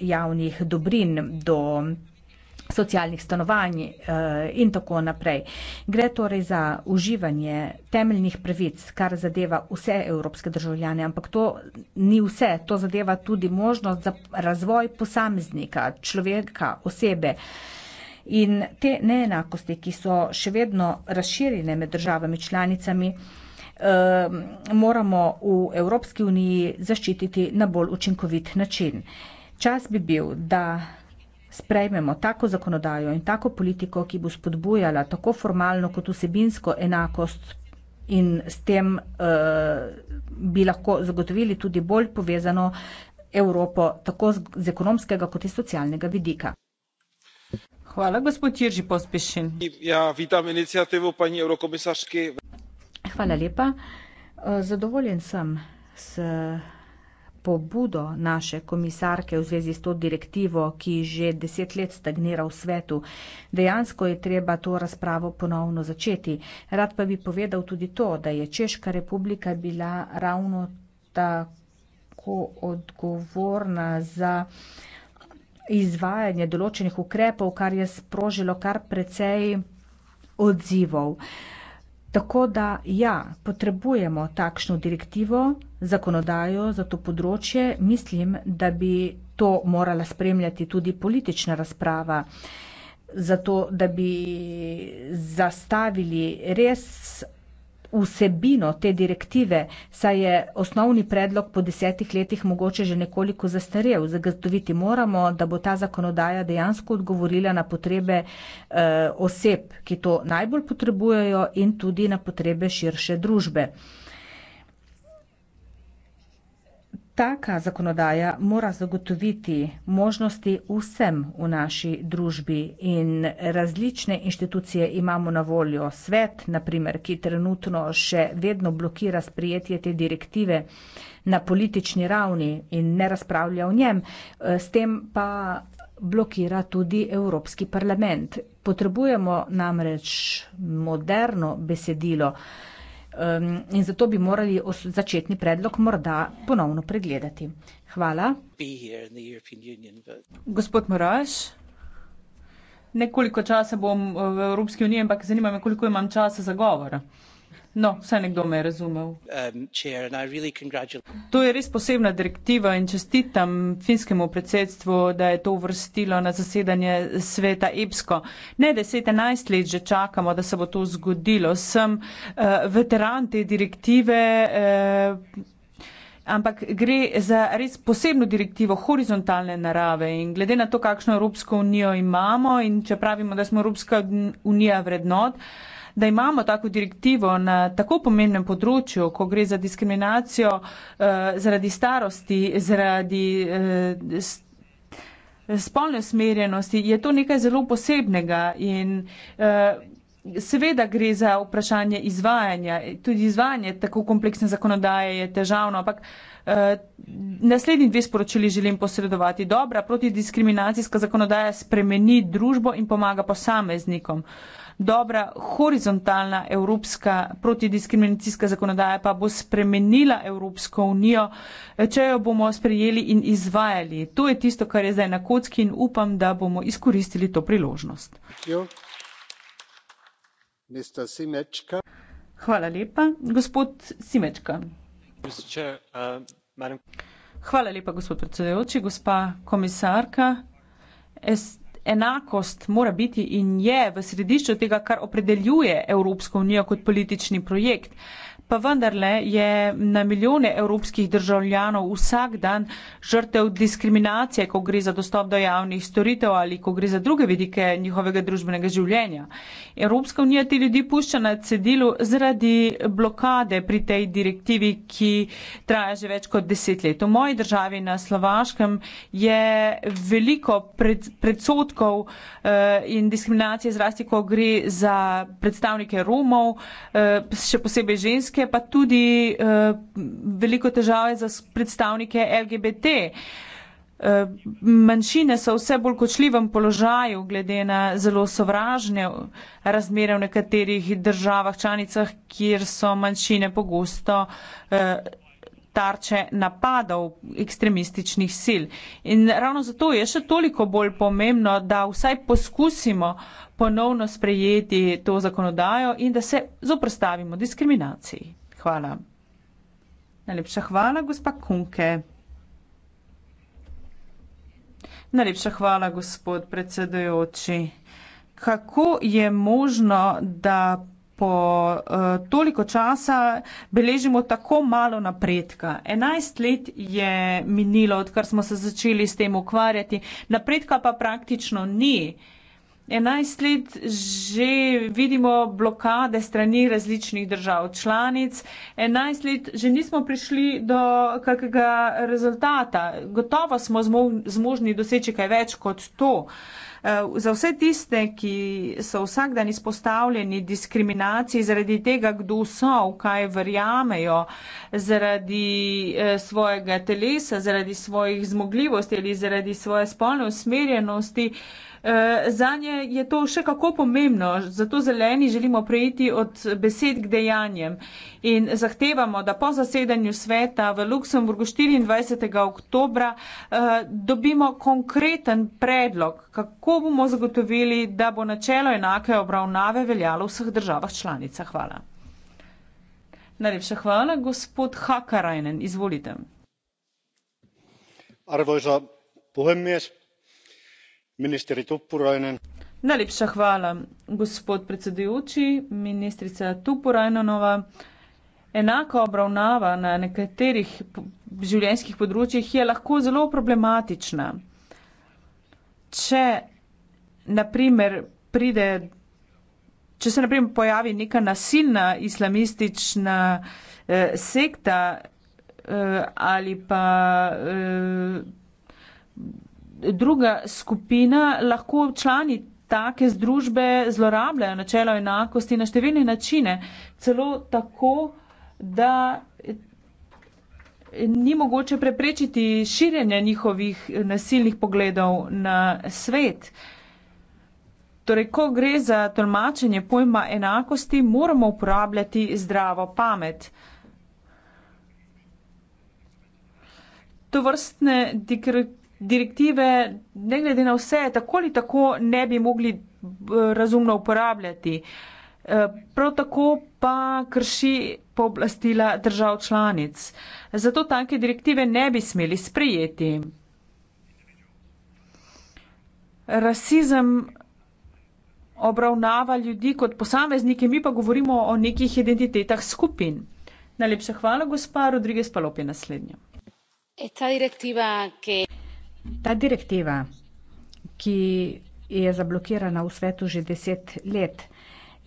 javnih dobrin, do socialnih stanovanj eh, in tako naprej. Gre torej za uživanje temeljnih pravic, kar zadeva vse evropske državljane, ampak to ni vse, to zadeva tudi možnost za razvoj posameznika, človeka, osebe. In te neenakosti, ki so še vedno razširjene med državami članicami, eh, moramo v Evropski uniji zaščititi na bolj učinkovit način. Čas bi bil, da sprejmemo tako zakonodajo in tako politiko, ki bo spodbujala tako formalno kot vsebinsko enakost in s tem uh, bi lahko zagotovili tudi bolj povezano Evropo tako z, z ekonomskega kot iz socialnega vidika. Hvala, gospod Jerži Pospešin. Ja, vitam inicijativu pani evrokomisarski. Hvala lepa. Eh, zadovoljen sem s pobudo naše komisarke v zvezi s to direktivo, ki že deset let stagnira v svetu. Dejansko je treba to razpravo ponovno začeti. Rad pa bi povedal tudi to, da je Češka republika bila ravno tako odgovorna za izvajanje določenih ukrepov, kar je sprožilo kar precej odzivov. Uh, Tako da ja, potrebujemo takšno direktivo, zakonodajo za to področje, mislim, da bi to morala spremljati tudi politična razprava, zato da bi zastavili res vsebino te direktive, saj je osnovni predlog po desetih letih mogoče že nekoliko zastarel. Zagotoviti moramo, da bo ta zakonodaja dejansko odgovorila na potrebe eh, oseb, ki to najbolj potrebujejo in tudi na potrebe širše družbe. Eh, Taka zakonodaja mora zagotoviti možnosti vsem v naši družbi in različne inštitucije imamo na voljo. Svet, na primer, ki trenutno še vedno blokira sprijetje te direktive na politični ravni in ne razpravlja o njem, eh, s tem pa blokira tudi Evropski parlament. Potrebujemo namreč moderno besedilo. Um, in zato bi morali začetni predlog morda ponovno pregledati. Hvala. Union, but... Gospod Moraš, nekoliko časa bom eh, v Evropski uniji, ampak zanima me, koliko imam časa za govor. Uh, No, vsaj nekdo me je razumel. Um, to je res posebna direktiva in čestitam finskemu predsedstvu, da je to vrstilo na zasedanje sveta EPSKO. Ne, deset, enajst let že čakamo, da se bo to zgodilo. Sem uh, veteran te direktive. Uh, Ampak gre za res posebno direktivo horizontalne narave in glede na to, kakšno Evropsko unijo imamo in če pravimo, da smo Evropska unija vrednot, uh, da imamo tako direktivo na tako pomembnem področju, ko gre za diskriminacijo eh, zaradi starosti, zaradi eh, spolne usmerjenosti, je to nekaj zelo posebnega in eh, seveda gre za vprašanje izvajanja. Tudi izvajanje tako kompleksne zakonodaje je težavno, ampak. Uh, naslednji dve sporočili želim posredovati. Dobra protidiskriminacijska zakonodaja spremeni družbo in pomaga posameznikom. Uh, dobra horizontalna evropska protidiskriminacijska zakonodaja pa bo spremenila Evropsko unijo, če jo bomo sprejeli in izvajali. To je tisto, kar je zdaj na kocki in upam, da bomo izkoristili to priložnost. Hvala lepa. Gospod Simečka. Hvala lepa, gospod predsedujoči, gospa komisarka. Es, enakost mora biti in je v središču tega, kar opredeljuje Evropsko unijo kot politični projekt pa vendarle je na milijone evropskih državljanov vsak dan žrtev diskriminacije, ko gre za dostop do javnih storitev ali ko gre za druge vidike njihovega družbenega življenja. Evropska unija te ljudi pušča na cedilu zaradi blokade pri tej direktivi, ki traja že več kot deset let. V moji državi na Slovaškem je veliko pred, predsotkov eh, in diskriminacije zrasti, ko gre za predstavnike Romov, eh, še posebej ženske, ženske, pa tudi uh, veliko težave za predstavnike LGBT. Eh, manjšine so vse bolj kočljivem položaju, glede na zelo sovražne razmere v nekaterih državah, članicah, kjer so manjšine pogosto eh, tarče napadov ekstremističnih sil. In ravno zato je še toliko bolj pomembno, da vsaj poskusimo ponovno sprejeti to zakonodajo in da se zoprstavimo diskriminaciji. Hvala. Najlepša hvala, gospa Kunke. Najlepša hvala, gospod predsedujoči. Kako je možno, da po uh, toliko časa beležimo tako malo napredka. 11 let je minilo, odkar smo se začeli s tem ukvarjati, napredka pa praktično ni. Uh, 11 let že vidimo blokade strani različnih držav članic, 11 let že nismo prišli do kakega rezultata. Gotovo smo zmožni doseči kaj več kot to. Eh, za vse tiste, ki so vsak dan izpostavljeni diskriminaciji zaradi tega, kdo so, v kaj verjamejo, zaradi eh, svojega telesa, zaradi svojih zmogljivosti ali zaradi svoje spolne usmerjenosti, Eh, Za nje je to še kako pomembno, zato zeleni želimo preiti od besed k dejanjem in zahtevamo, da po zasedanju sveta v Luksemburgu 24. oktobra eh, dobimo konkreten predlog, kako bomo zagotovili, da bo načelo enake obravnave veljalo v vseh državah članica. Hvala. Najlepša hvala, gospod Hakarajnen. Izvolite. Arvoisa puhemies. Ministri Tuppurainen. Najlepša hvala, gospod predsedujoči, ministrica Tuppurainenova. Enaka obravnava na nekaterih življenjskih področjih je lahko zelo problematična. Če, naprimer, pride, če se naprimer pojavi neka nasilna islamistična eh, sekta eh, ali pa eh, druga skupina, lahko člani take združbe zlorabljajo načelo enakosti na številne načine, celo tako, da ni mogoče preprečiti širjenja njihovih nasilnih pogledov na svet. Torej, ko gre za tolmačenje pojma enakosti, moramo uporabljati zdravo pamet. To vrstne direktive, ne glede na vse, tako ali tako ne bi mogli eh, razumno uporabljati. Eh, prav tako pa krši pooblastila držav članic. Zato take direktive ne bi smeli sprejeti. Rasizem obravnava ljudi kot posameznike, mi pa govorimo o nekih identitetah skupin. Najlepša hvala, gospa Rodriguez Palop je naslednja. Ta direktiva, ki. Que... Ta direktiva, ki je zablokirana v svetu že deset let,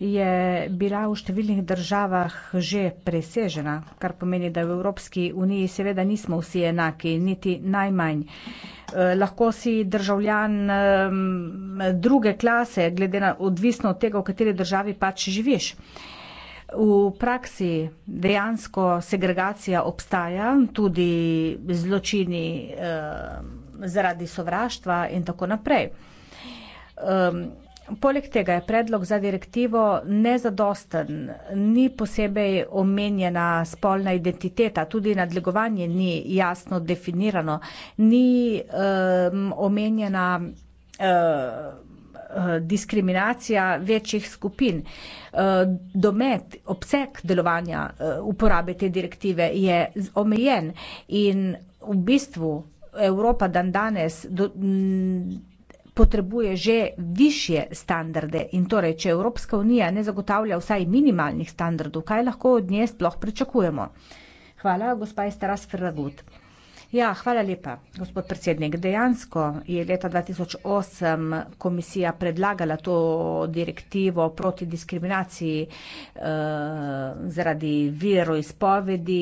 je bila v številnih državah že presežena, kar pomeni, da v Evropski uniji seveda nismo vsi enaki, niti najmanj. Eh, lahko si državljan eh, druge klase, glede na odvisno od tega, v kateri državi pač živiš. V praksi dejansko segregacija obstaja, tudi zločini. Eh, zaradi sovraštva in tako naprej. Um, poleg tega je predlog za direktivo nezadosten, ni posebej omenjena spolna identiteta, tudi nadlegovanje ni jasno definirano, ni um, omenjena uh, diskriminacija večjih skupin. Uh, domet, obseg delovanja uh, uporabe te direktive je omejen in v bistvu Evropa dan danes do, mm, potrebuje že višje standarde in torej, če Evropska unija ne zagotavlja vsaj minimalnih standardov, kaj lahko od nje sploh pričakujemo? Hvala, gospa Estera Sferagut. Ja, hvala lepa, gospod predsednik. Dejansko je leta 2008 komisija predlagala to direktivo proti diskriminaciji eh, zaradi veroizpovedi,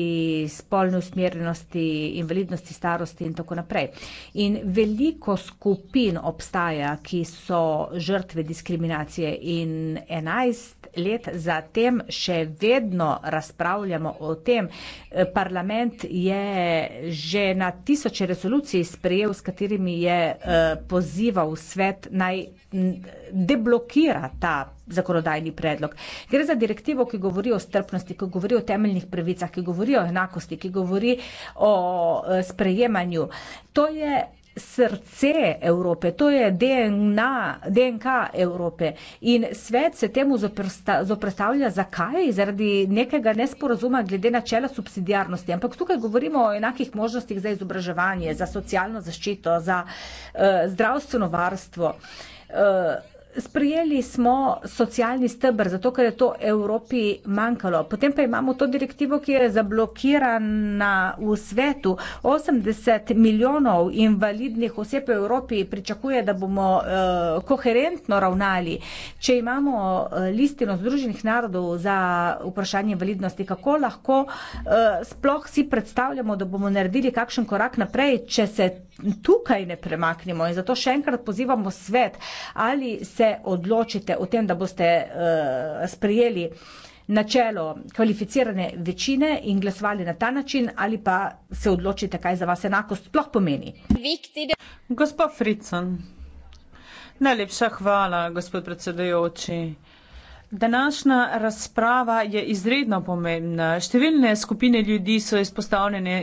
spolne usmerjenosti, invalidnosti, starosti in tako naprej. In veliko skupin obstaja, ki so žrtve diskriminacije in 11 let zatem še vedno razpravljamo o tem. Eh, parlament je že na tisoče resolucij sprejel, s katerimi je eh, pozival svet naj deblokira ta zakonodajni predlog. Gre za direktivo, ki govori o strpnosti, ki govori o temeljnih pravicah, ki govori o enakosti, ki govori o eh, sprejemanju. To je srce Evrope, to je DNA, DNK Evrope in svet se temu zoprsta, zoprstavlja zakaj? Zaradi nekega nesporazuma glede načela subsidijarnosti. Ampak tukaj govorimo o enakih možnostih za izobraževanje, za socialno zaščito, za uh, zdravstveno varstvo. Uh, Sprijeli smo socialni stebr, zato ker je to Evropi manjkalo. Potem pa imamo to direktivo, ki je zablokirana v svetu. 80 milijonov invalidnih oseb v Evropi pričakuje, da bomo eh, koherentno ravnali. Če imamo eh, listino Združenih narodov za vprašanje invalidnosti, kako lahko eh, sploh si predstavljamo, da bomo naredili kakšen korak naprej, če se tukaj ne premaknemo in zato še enkrat pozivamo svet, ali se odločite o tem, da boste uh, sprejeli načelo kvalificirane večine in glasovali na ta način ali pa se odločite, kaj za vas enakost sploh pomeni. Gospod Fricon, najlepša hvala, gospod predsedujoči. Današnja razprava je izredno pomembna. Številne skupine ljudi so izpostavljene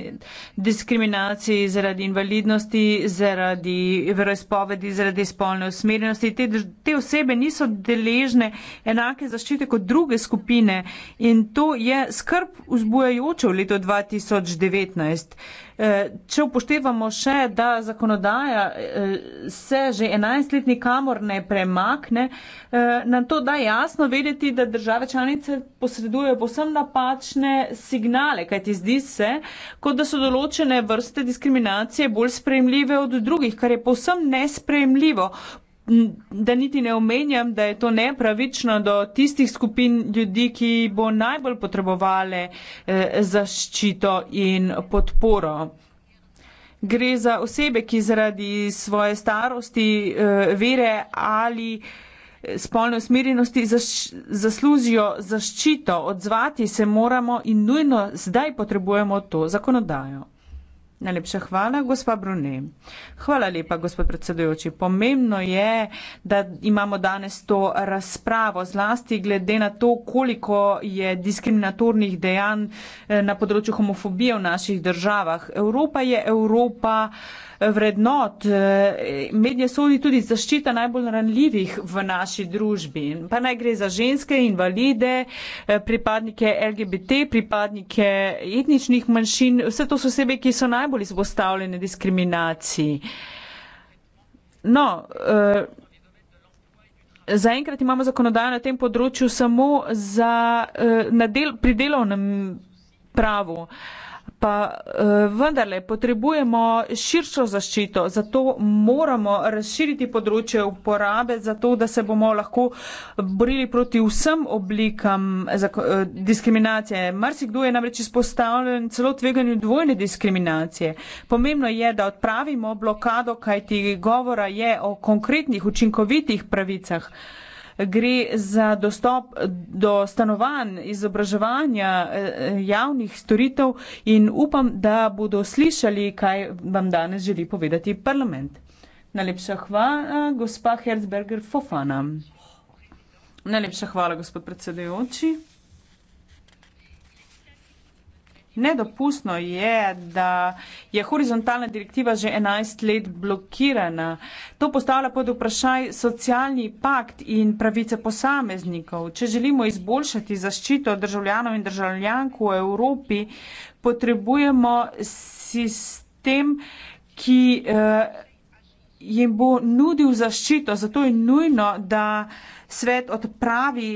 diskriminaciji zaradi invalidnosti, zaradi veroizpovedi, zaradi spolne usmerjenosti. Te, te osebe niso deležne enake zaščite kot druge skupine in to je skrb vzbujajoče v letu 2019. Eh, če upoštevamo še, da zakonodaja eh, se že 11 let nikamor ne premakne, eh, nam to da jasno vedeti, da države članice posredujejo posebno napačne signale, kajti zdi se, kot da so določene vrste diskriminacije bolj sprejemljive od drugih, kar je posebno nesprejemljivo da niti ne omenjam, da je to nepravično do tistih skupin ljudi, ki bo najbolj potrebovali eh, zaščito in podporo. Gre za osebe, ki zaradi svoje starosti, eh, vere ali eh, spolne usmerjenosti zaslužijo zaščito. Odzvati se moramo in nujno zdaj potrebujemo to zakonodajo. Najlepša hvala, gospa Brune. Hvala lepa, gospod predsedujoči. Pomembno je, da imamo danes to razpravo, zlasti glede na to, koliko je diskriminatornih dejanj eh, na področju homofobije v naših državah. Evropa je Evropa vrednot. E, Mednje sodi tudi zaščita najbolj ranljivih v naši družbi. Pa naj gre za ženske, invalide, e, pripadnike LGBT, pripadnike etničnih manjšin. Vse to so osebe, ki so najbolj izpostavljene diskriminaciji. No, e, zaenkrat imamo zakonodajo na tem področju samo za, na del, pri delovnem pravu pa eh, vendarle potrebujemo širšo zaščito, zato moramo razširiti področje uporabe, zato da se bomo lahko borili proti vsem oblikam eh, eh, diskriminacije. Marsikdo je namreč izpostavljen celo tveganju dvojne diskriminacije. Pomembno je, da odpravimo blokado, kajti govora je o konkretnih učinkovitih pravicah gre za dostop do stanovanj, izobraževanja, eh, javnih storitev in upam, da bodo slišali, kaj vam danes želi povedati parlament. Najlepša hvala, gospa Herzberger Fofana. Najlepša hvala, gospod predsedujoči. Nedopustno je, da je horizontalna direktiva že 11 let blokirana. To postavlja pod vprašaj socialni pakt in pravice posameznikov. Če želimo izboljšati zaščito državljanov in državljank v Evropi, potrebujemo sistem, ki. Eh, jim bo nudil zaščito. Zato je nujno, da svet odpravi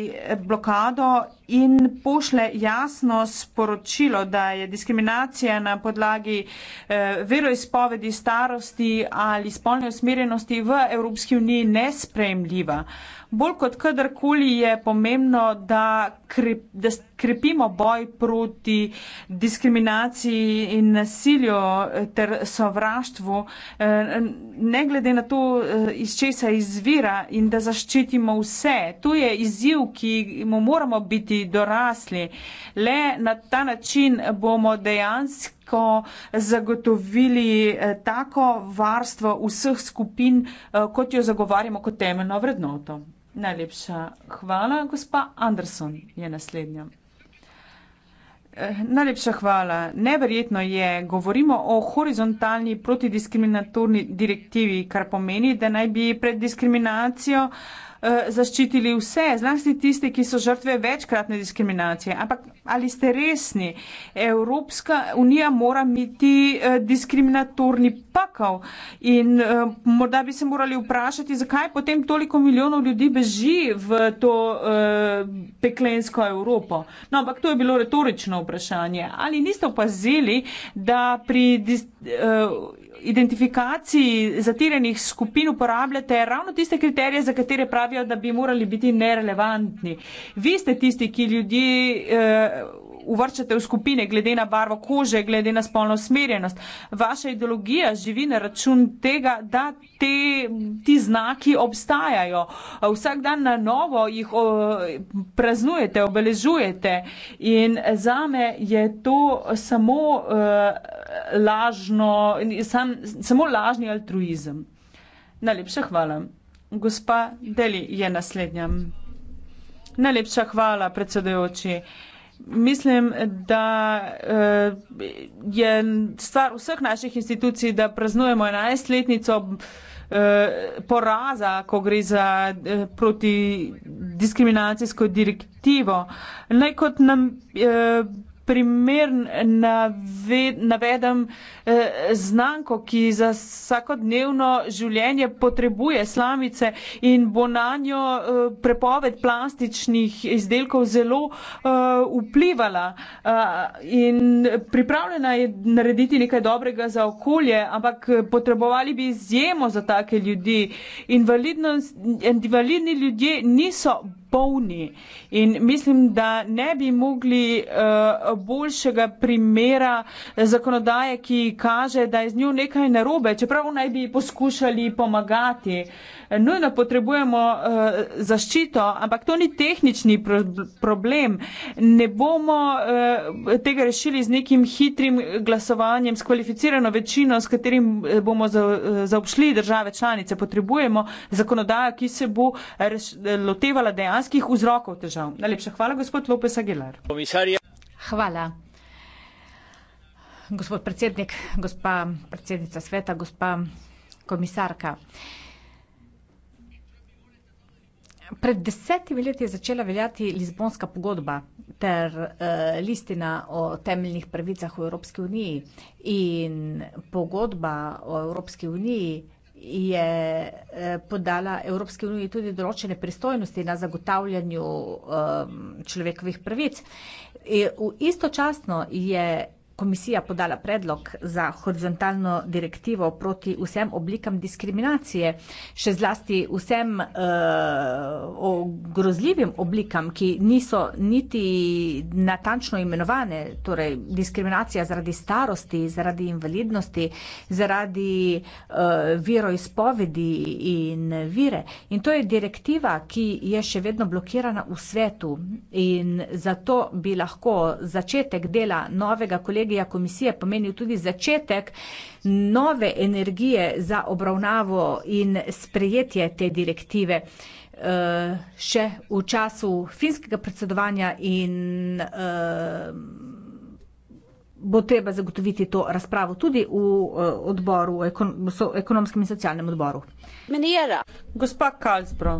blokado in pošle jasno sporočilo, da je diskriminacija na podlagi eh, veroizpovedi, starosti ali spolne usmerjenosti v Evropski uniji nesprejemljiva. Bolj kot kadarkoli je pomembno, da, krep, da krepimo boj proti diskriminaciji in nasilju eh, ter sovraštvu, eh, ne glede na to, iz česa izvira in da zaščitimo vse. To je izziv, ki mu moramo biti dorasli. Le na ta način bomo dejansko zagotovili eh, tako varstvo vseh skupin, eh, kot jo zagovarjamo kot temeljno vrednoto. Najlepša hvala, gospa Anderson je naslednja. Eh, najlepša hvala. Neverjetno je, govorimo o horizontalni protidiskriminatorni direktivi, kar pomeni, da naj bi pred diskriminacijo uh, Eh, zaščitili vse, zlasti tiste, ki so žrtve večkratne diskriminacije. Ampak ali ste resni? Evropska unija mora imeti eh, diskriminatorni pakav in eh, morda bi se morali vprašati, zakaj potem toliko milijonov ljudi beži v to peklensko Evropo. No, ampak to je bilo retorično vprašanje. Ali niste opazili, da pri identifikaciji zatirenih skupin uporabljate ravno tiste kriterije, za katere pravijo, da bi morali biti nerelevantni. Vi ste tisti, ki ljudi. Eh, uvrščate v skupine, glede na barvo kože, glede na spolno usmerjenost. Vaša ideologija živi na račun tega, da te, ti znaki obstajajo. Vsak dan na novo jih o, praznujete, obeležujete in za me je to samo, uh, lažno, sam, samo lažni altruizem. Najlepša hvala. Gospa Deli je naslednja. Najlepša hvala, predsedujoči mislim, da uh, je stvar vseh naših institucij, da praznujemo 11-letnico uh, eh, poraza, ko gre za uh, eh, proti diskriminacijsko direktivo. Naj kot nam. Uh, primer navedem eh, znanko, ki za vsakodnevno življenje potrebuje slamice in bo na njo eh, prepoved plastičnih izdelkov zelo eh, vplivala. In pripravljena je narediti nekaj dobrega za okolje, ampak potrebovali bi izjemo za take ljudi. Invalidni ljudje niso polni. In mislim, da ne bi mogli uh, boljšega primera zakonodaje, ki kaže, da je z njo nekaj narobe, čeprav naj bi poskušali pomagati. Uh, nujno potrebujemo uh, zaščito, ampak to ni tehnični pro problem. Ne bomo uh, tega rešili z nekim hitrim glasovanjem, s kvalificirano večino, s katerim eh, bomo za zaobšli države članice. Potrebujemo zakonodajo, ki se bo lotevala dejanskih vzrokov težav. Najlepša hvala, gospod Lopes Aguilar. Komisarja. Hvala. Gospod predsednik, gospa predsednica sveta, gospa komisarka. Pred desetimi leti je začela veljati Lizbonska pogodba ter uh, listina o temeljnih pravicah v Evropski uniji. In pogodba o Evropski uniji je eh, podala Evropski uniji tudi določene pristojnosti na zagotavljanju um, človekovih pravic. E, istočasno je komisija podala predlog za horizontalno direktivo proti vsem oblikam diskriminacije, še zlasti vsem uh, eh, grozljivim oblikam, ki niso niti natančno imenovane, torej diskriminacija zaradi starosti, zaradi invalidnosti, zaradi uh, veroizpovedi in vire. In to je direktiva, ki je še vedno blokirana v svetu in zato bi lahko začetek dela novega kolega strategija komisije pomenil tudi začetek nove energije za obravnavo in sprejetje te direktive. Eh, še v času finskega predsedovanja in eh, bo treba zagotoviti to razpravo tudi v eh, odboru, v ekonomskem in socialnem odboru. Menijera. Gospa Kalsbro,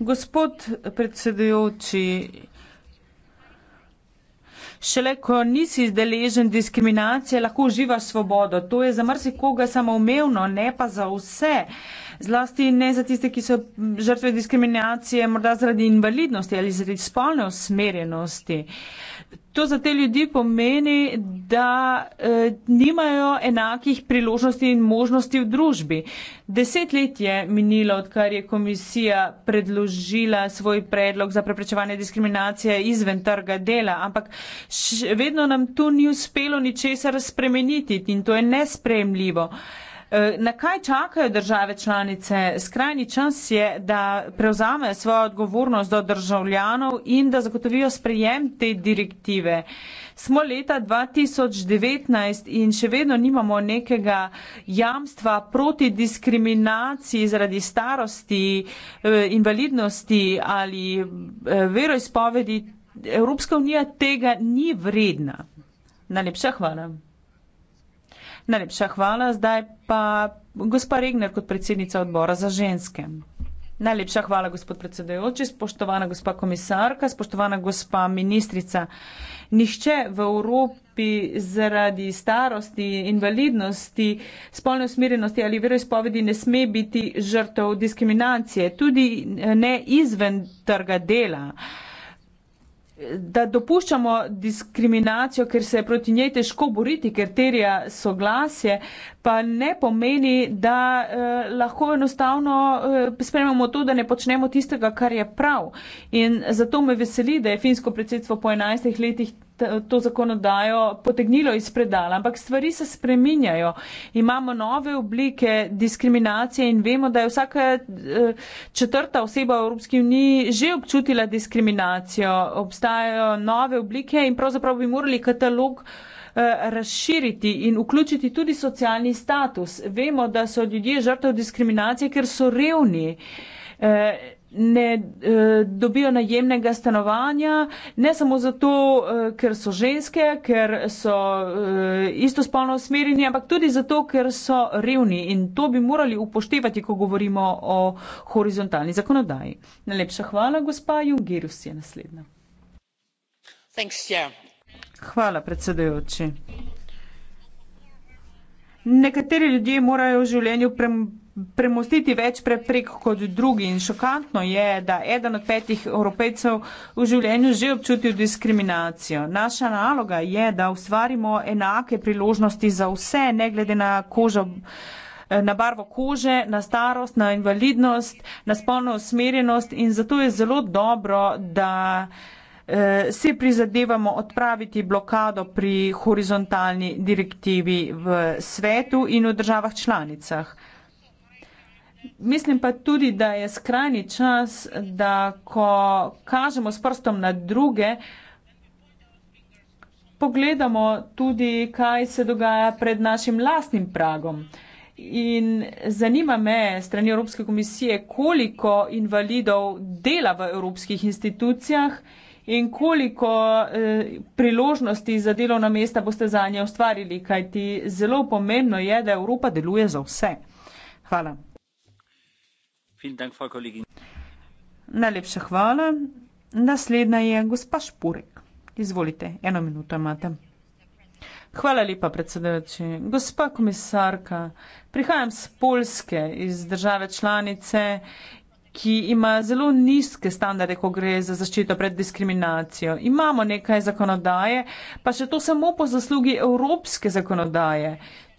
gospod predsedujoči, Šele ko nisi izdeležen diskriminacije, lahko uživaš svobodo. To je za marsikoga samoumevno, ne pa za vse. Uh, zlasti ne za tiste, ki so žrtve diskriminacije, morda zaradi invalidnosti ali zaradi spolne usmerjenosti. To za te ljudi pomeni, da eh, nimajo enakih priložnosti in možnosti v družbi. Deset let je minilo, odkar je komisija predložila svoj predlog za preprečevanje diskriminacije izven trga dela, ampak vedno nam tu ni uspelo ničesar spremeniti in to je nespremljivo. Eh, E, na kaj čakajo države članice? Skrajni čas je, da prevzamejo svojo odgovornost do državljanov in da zagotovijo sprejem te direktive. Smo leta 2019 in še vedno nimamo nekega jamstva proti diskriminaciji zaradi starosti, e, invalidnosti ali e, veroizpovedi. Evropska unija tega ni vredna. Najlepša hvala. Najlepša hvala. Zdaj pa gospa Regner kot predsednica odbora za ženske. Najlepša hvala, gospod predsedajoči, spoštovana gospa komisarka, spoštovana gospa ministrica. Nihče v Evropi zaradi starosti, invalidnosti, spolne usmerjenosti ali veroizpovedi ne sme biti žrtev diskriminacije, tudi ne izven trga dela. Uh, da dopuščamo diskriminacijo, ker se je proti njej težko boriti, ker terja soglasje, pa ne pomeni, da eh, lahko enostavno eh, sprememo to, da ne počnemo tistega, kar je prav. In zato me veseli, da je finsko predsedstvo po 11 letih to zakonodajo potegnilo iz predala. Ampak stvari se spreminjajo. Imamo nove oblike diskriminacije in vemo, da je vsaka eh, četrta oseba v Evropski uniji že občutila diskriminacijo. Obstajajo nove oblike in pravzaprav bi morali katalog Eh, razširiti in vključiti tudi socialni status. Vemo, da so ljudje žrtev diskriminacije, ker so revni. Eh, ne eh, dobijo najemnega stanovanja, ne samo zato, ker so ženske, ker so istospolno usmerjeni, ampak tudi zato, ker so revni. In to bi morali upoštevati, ko govorimo o horizontalni zakonodaji. Najlepša hvala, gospa Jungirus je naslednja. Thanks, yeah. Hvala, predsedujoči. Nekateri ljudje morajo v življenju prem, premostiti več preprek kot drugi in šokantno je, da eden od petih evropejcev v življenju že občutil diskriminacijo. Naša naloga je, da ustvarimo enake priložnosti za vse, ne glede na kožo na barvo kože, na starost, na invalidnost, na spolno usmerjenost in zato je zelo dobro, da Eh, si prizadevamo odpraviti blokado pri horizontalni direktivi v svetu in v državah članicah. Mislim pa tudi, da je skrajni čas, da ko kažemo s prstom na druge, pogledamo tudi, kaj se dogaja pred našim lastnim pragom. In zanima me strani Evropske komisije, koliko invalidov dela v evropskih institucijah in koliko eh, priložnosti za delovna mesta boste za nje ustvarili, kajti zelo pomembno je, da Evropa deluje za vse. Hvala. Najlepša hvala. Naslednja je gospa Špurek. Izvolite, eno minuto imate. Hvala lepa, predsedajoči. Gospa komisarka, prihajam z Polske, iz države članice ki ima zelo nizke standarde, ko gre za zaščito pred diskriminacijo. Imamo nekaj zakonodaje, pa še to samo po zaslugi evropske zakonodaje.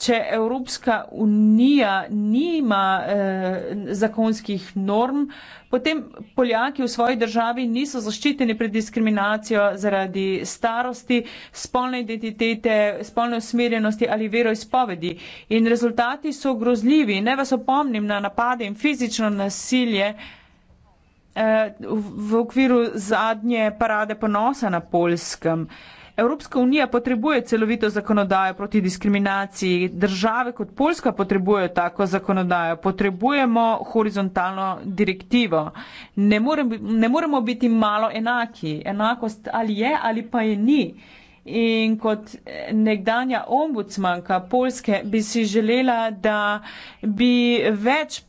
Če Evropska unija nima eh, zakonskih norm, potem Poljaki v svoji državi niso zaščiteni pred diskriminacijo zaradi starosti, spolne identitete, spolne usmerjenosti ali veroizpovedi. In rezultati so grozljivi. Ne vas opomnim na napade in fizično nasilje eh, v, v okviru zadnje parade ponosa na Poljskem. Eh, Evropska unija potrebuje celovito zakonodajo proti diskriminaciji, države kot Poljska potrebujejo tako zakonodajo, potrebujemo horizontalno direktivo. Ne, morem, ne moremo biti malo enaki. Enakost ali je ali pa je ni. In kot nekdanja ombudsmanka Poljske bi si želela, da bi več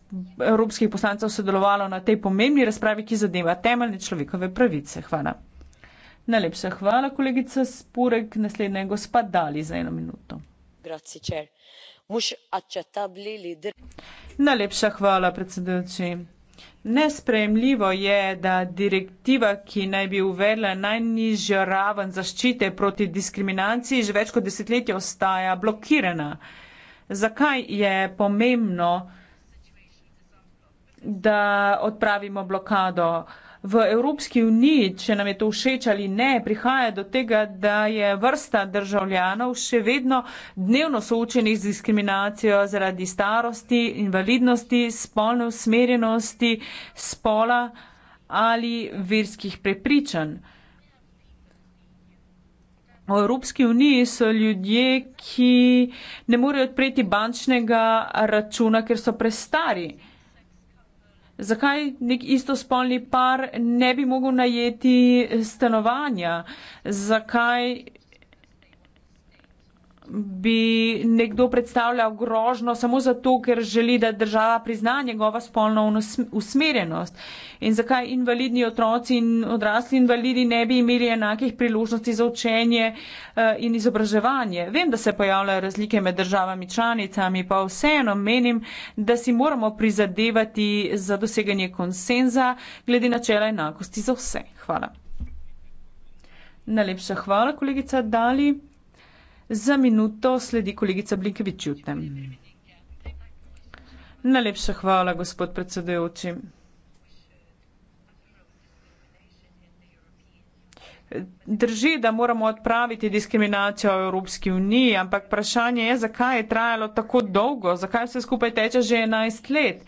evropskih poslancev sodelovalo na tej pomembni razpravi, ki zadeva temeljne človekove pravice. Hvala. Najlepša hvala, kolegica Spurek. Naslednja je gospa Dali za eno minuto. Najlepša hvala, predsedujoči. Nesprejemljivo je, da direktiva, ki naj bi uvedla najnižjo raven zaščite proti diskriminaciji, že več kot desetletje ostaja blokirana. Zakaj je pomembno, da odpravimo blokado? v Evropski uniji, če nam je to všeč ali ne, prihaja do tega, da je vrsta državljanov še vedno dnevno soočenih z diskriminacijo zaradi starosti, invalidnosti, spolne usmerjenosti, spola ali verskih prepričanj. V Evropski uniji so ljudje, ki ne morejo odpreti bančnega računa, ker so prestari. Zakaj nek istospolni par ne bi mogel najeti stanovanja? Zakaj bi nekdo predstavljal grožno samo zato, ker želi, da država prizna njegova spolna usmerjenost. In zakaj invalidni otroci in odrasli invalidi ne bi imeli enakih priložnosti za učenje eh, in izobraževanje? Vem, da se pojavljajo razlike med državami članicami, pa vseeno menim, da si moramo prizadevati za doseganje konsenza glede načela enakosti za vse. Hvala. Najlepša hvala, kolegica Dali. Za minuto sledi kolegica Blinkevič Jutem. Najlepša hvala, gospod predsedujoči. Drži, da moramo odpraviti diskriminacijo v Evropski uniji, ampak vprašanje je, zakaj je trajalo tako dolgo, zakaj vse skupaj teče že 11 let. Uh,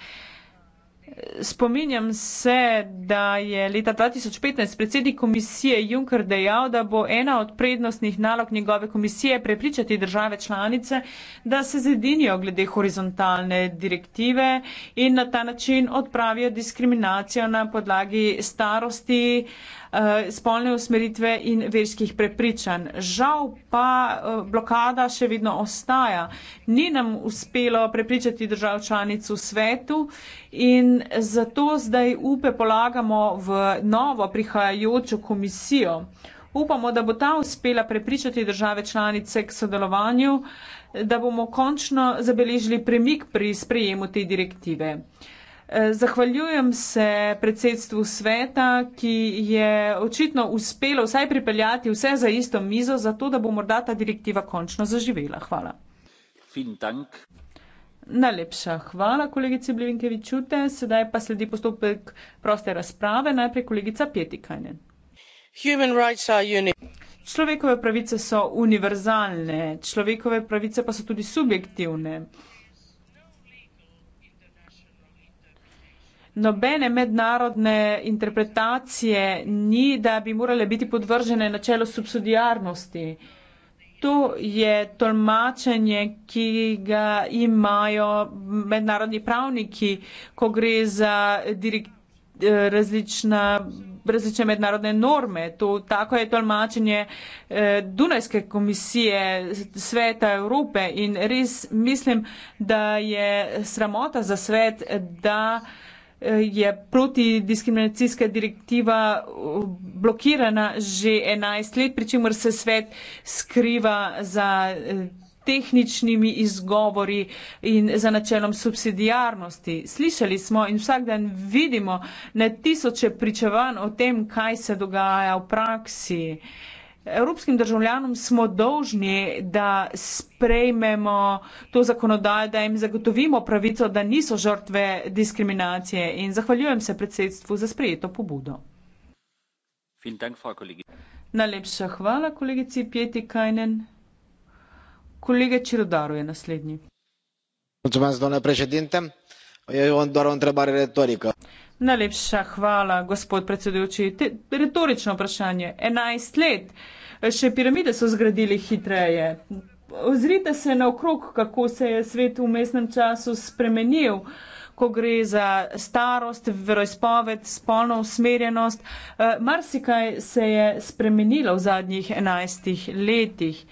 Spominjam se, da je leta 2015 predsednik komisije Juncker dejal, da bo ena od prednostnih nalog njegove komisije prepričati države članice, da se zedinijo glede horizontalne direktive in na ta način odpravijo diskriminacijo na podlagi starosti. Uh, Eh, spolne usmeritve in verskih prepričanj. Žal pa eh, blokada še vedno ostaja. Ni nam uspelo prepričati držav članic v svetu in zato zdaj upe polagamo v novo prihajajočo komisijo. Upamo, da bo ta uspela prepričati države članice k sodelovanju, da bomo končno zabeležili premik pri sprejemu te direktive. Eh, zahvaljujem se predsedstvu sveta, ki je očitno uspelo vsaj pripeljati vse za isto mizo, zato da bo morda ta direktiva končno zaživela. Hvala. Najlepša hvala, kolegice Blivinkevičute. Sedaj pa sledi postopek proste razprave. Najprej kolegica Pietikajnen. Človekove pravice so univerzalne, človekove pravice pa so tudi subjektivne. nobene mednarodne interpretacije ni, da bi morale biti podvržene načelo subsidijarnosti. To je tolmačenje, ki ga imajo mednarodni pravniki, ko gre za različna različne mednarodne norme. To, tako je tolmačenje eh, Dunajske komisije Sveta Evrope in res mislim, da je sramota za svet, da eh, je protidiskriminacijska direktiva uh, blokirana že 11 let, pri čemer se svet skriva za uh, tehničnimi izgovori in za načelom subsidijarnosti. Slišali smo in vsak dan vidimo na tisoče pričevanj o tem, kaj se dogaja v praksi. Uh, Evropskim državljanom smo dolžni, da sprejmemo to zakonodajo, da jim zagotovimo pravico, da niso žrtve diskriminacije. In zahvaljujem se predsedstvu za sprejeto pobudo. Najlepša hvala, kolegici Pieti Kajnen. Kolega Čirodaro je naslednji. Mulțumesc, domnule președinte. Eu doar o întrebare retorică. Najlepša hvala, gospod predsedujoči. Retorično vprašanje. 11 let, še piramide so zgradili hitreje. Ozrite se naokrog, kako se je svet v mestnem času spremenil, ko gre za starost, veroizpoved, spolno usmerjenost. Eh, marsikaj se je spremenilo v zadnjih 11 letih.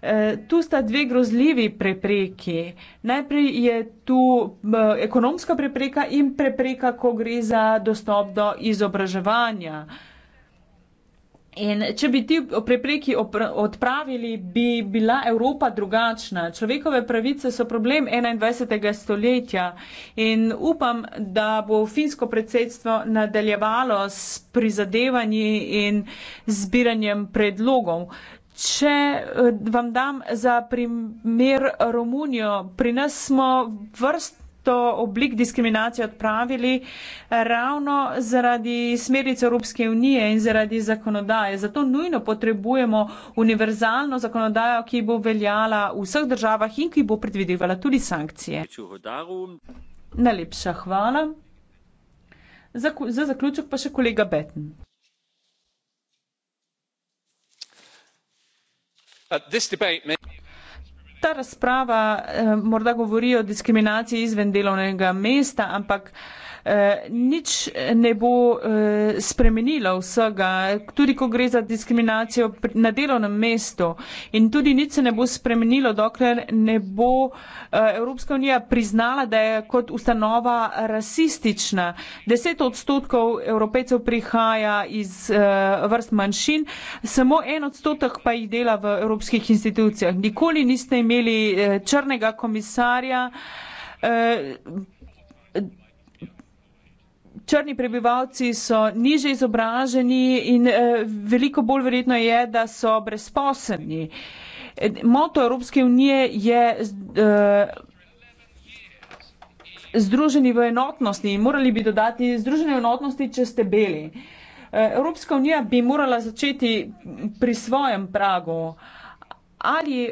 Eh, tu sta dve grozljivi prepreki. Najprej je tu eh, ekonomska prepreka in prepreka, ko gre za dostop do izobraževanja. In če bi ti prepreki odpravili, bi bila Evropa drugačna. Človekove pravice so problem 21. stoletja in upam, da bo finsko predsedstvo nadaljevalo s prizadevanji in zbiranjem predlogov. Če eh, vam dam za primer Romunijo, pri nas smo vrsto oblik diskriminacije odpravili ravno zaradi smernice Evropske unije in zaradi zakonodaje. Zato nujno potrebujemo univerzalno zakonodajo, ki bo veljala v vseh državah in ki bo predvidevala tudi sankcije. Najlepša hvala. Za, za zaključek pa še kolega Betten. ta razprava eh, morda govori o diskriminaciji izven delovnega mesta ampak nič ne bo eh, spremenilo vsega, tudi ko gre za diskriminacijo na delovnem mestu. In tudi nič se ne bo spremenilo, dokler ne bo eh, Evropska unija priznala, da je kot ustanova rasistična. Deset odstotkov evropejcev prihaja iz eh, vrst manjšin, samo en odstotek pa jih dela v evropskih institucijah. Nikoli niste imeli eh, črnega komisarja. Eh, Črni prebivalci so niže izobraženi in eh, veliko bolj verjetno je, da so brezposobni. Moto Evropske unije je eh, združeni v enotnosti in morali bi dodati združeni v enotnosti, če ste beli. Eh, Evropska unija bi morala začeti pri svojem pragu. Ali,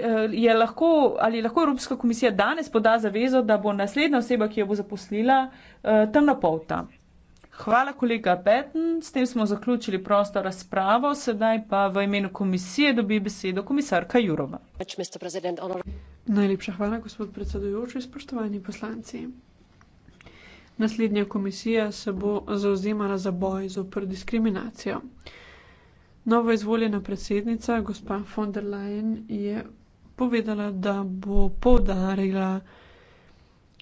lahko, ali lahko Evropska komisija danes poda zavezo, da bo naslednja oseba, ki jo bo zaposlila, temnopolta? Hvala, kolega Beten. S tem smo zaključili prosto razpravo. Sedaj pa v imenu komisije dobi besedo komisarka Jurova. Najlepša hvala, gospod predsedujoči, spoštovani poslanci. Naslednja komisija se bo zauzemala za boj zopr diskriminacijo. Novo izvoljena predsednica, gospa von der Leyen, je povedala, da bo povdarila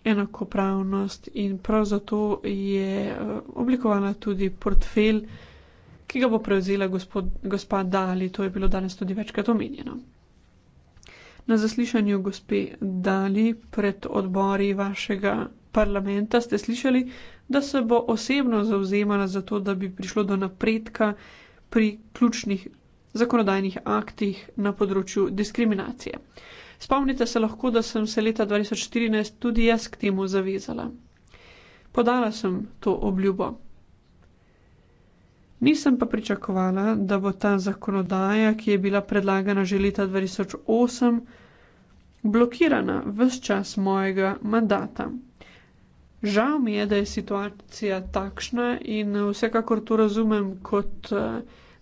enakopravnost in prav zato je eh, oblikovana tudi portfelj, ki ga bo prevzela gospod, gospa Dali. To je bilo danes tudi večkrat omenjeno. Na zaslišanju gospe Dali pred odbori vašega parlamenta ste slišali, da se bo osebno zauzemala za to, da bi prišlo do napredka pri ključnih zakonodajnih aktih na področju diskriminacije. Spomnite se lahko, da sem se leta 2014 tudi jaz k temu zavezala. Podala sem to obljubo. Nisem pa pričakovala, da bo ta zakonodaja, ki je bila predlagana že leta 2008, blokirana vse čas mojega mandata. Žal mi je, da je situacija takšna in vsekakor to razumem kot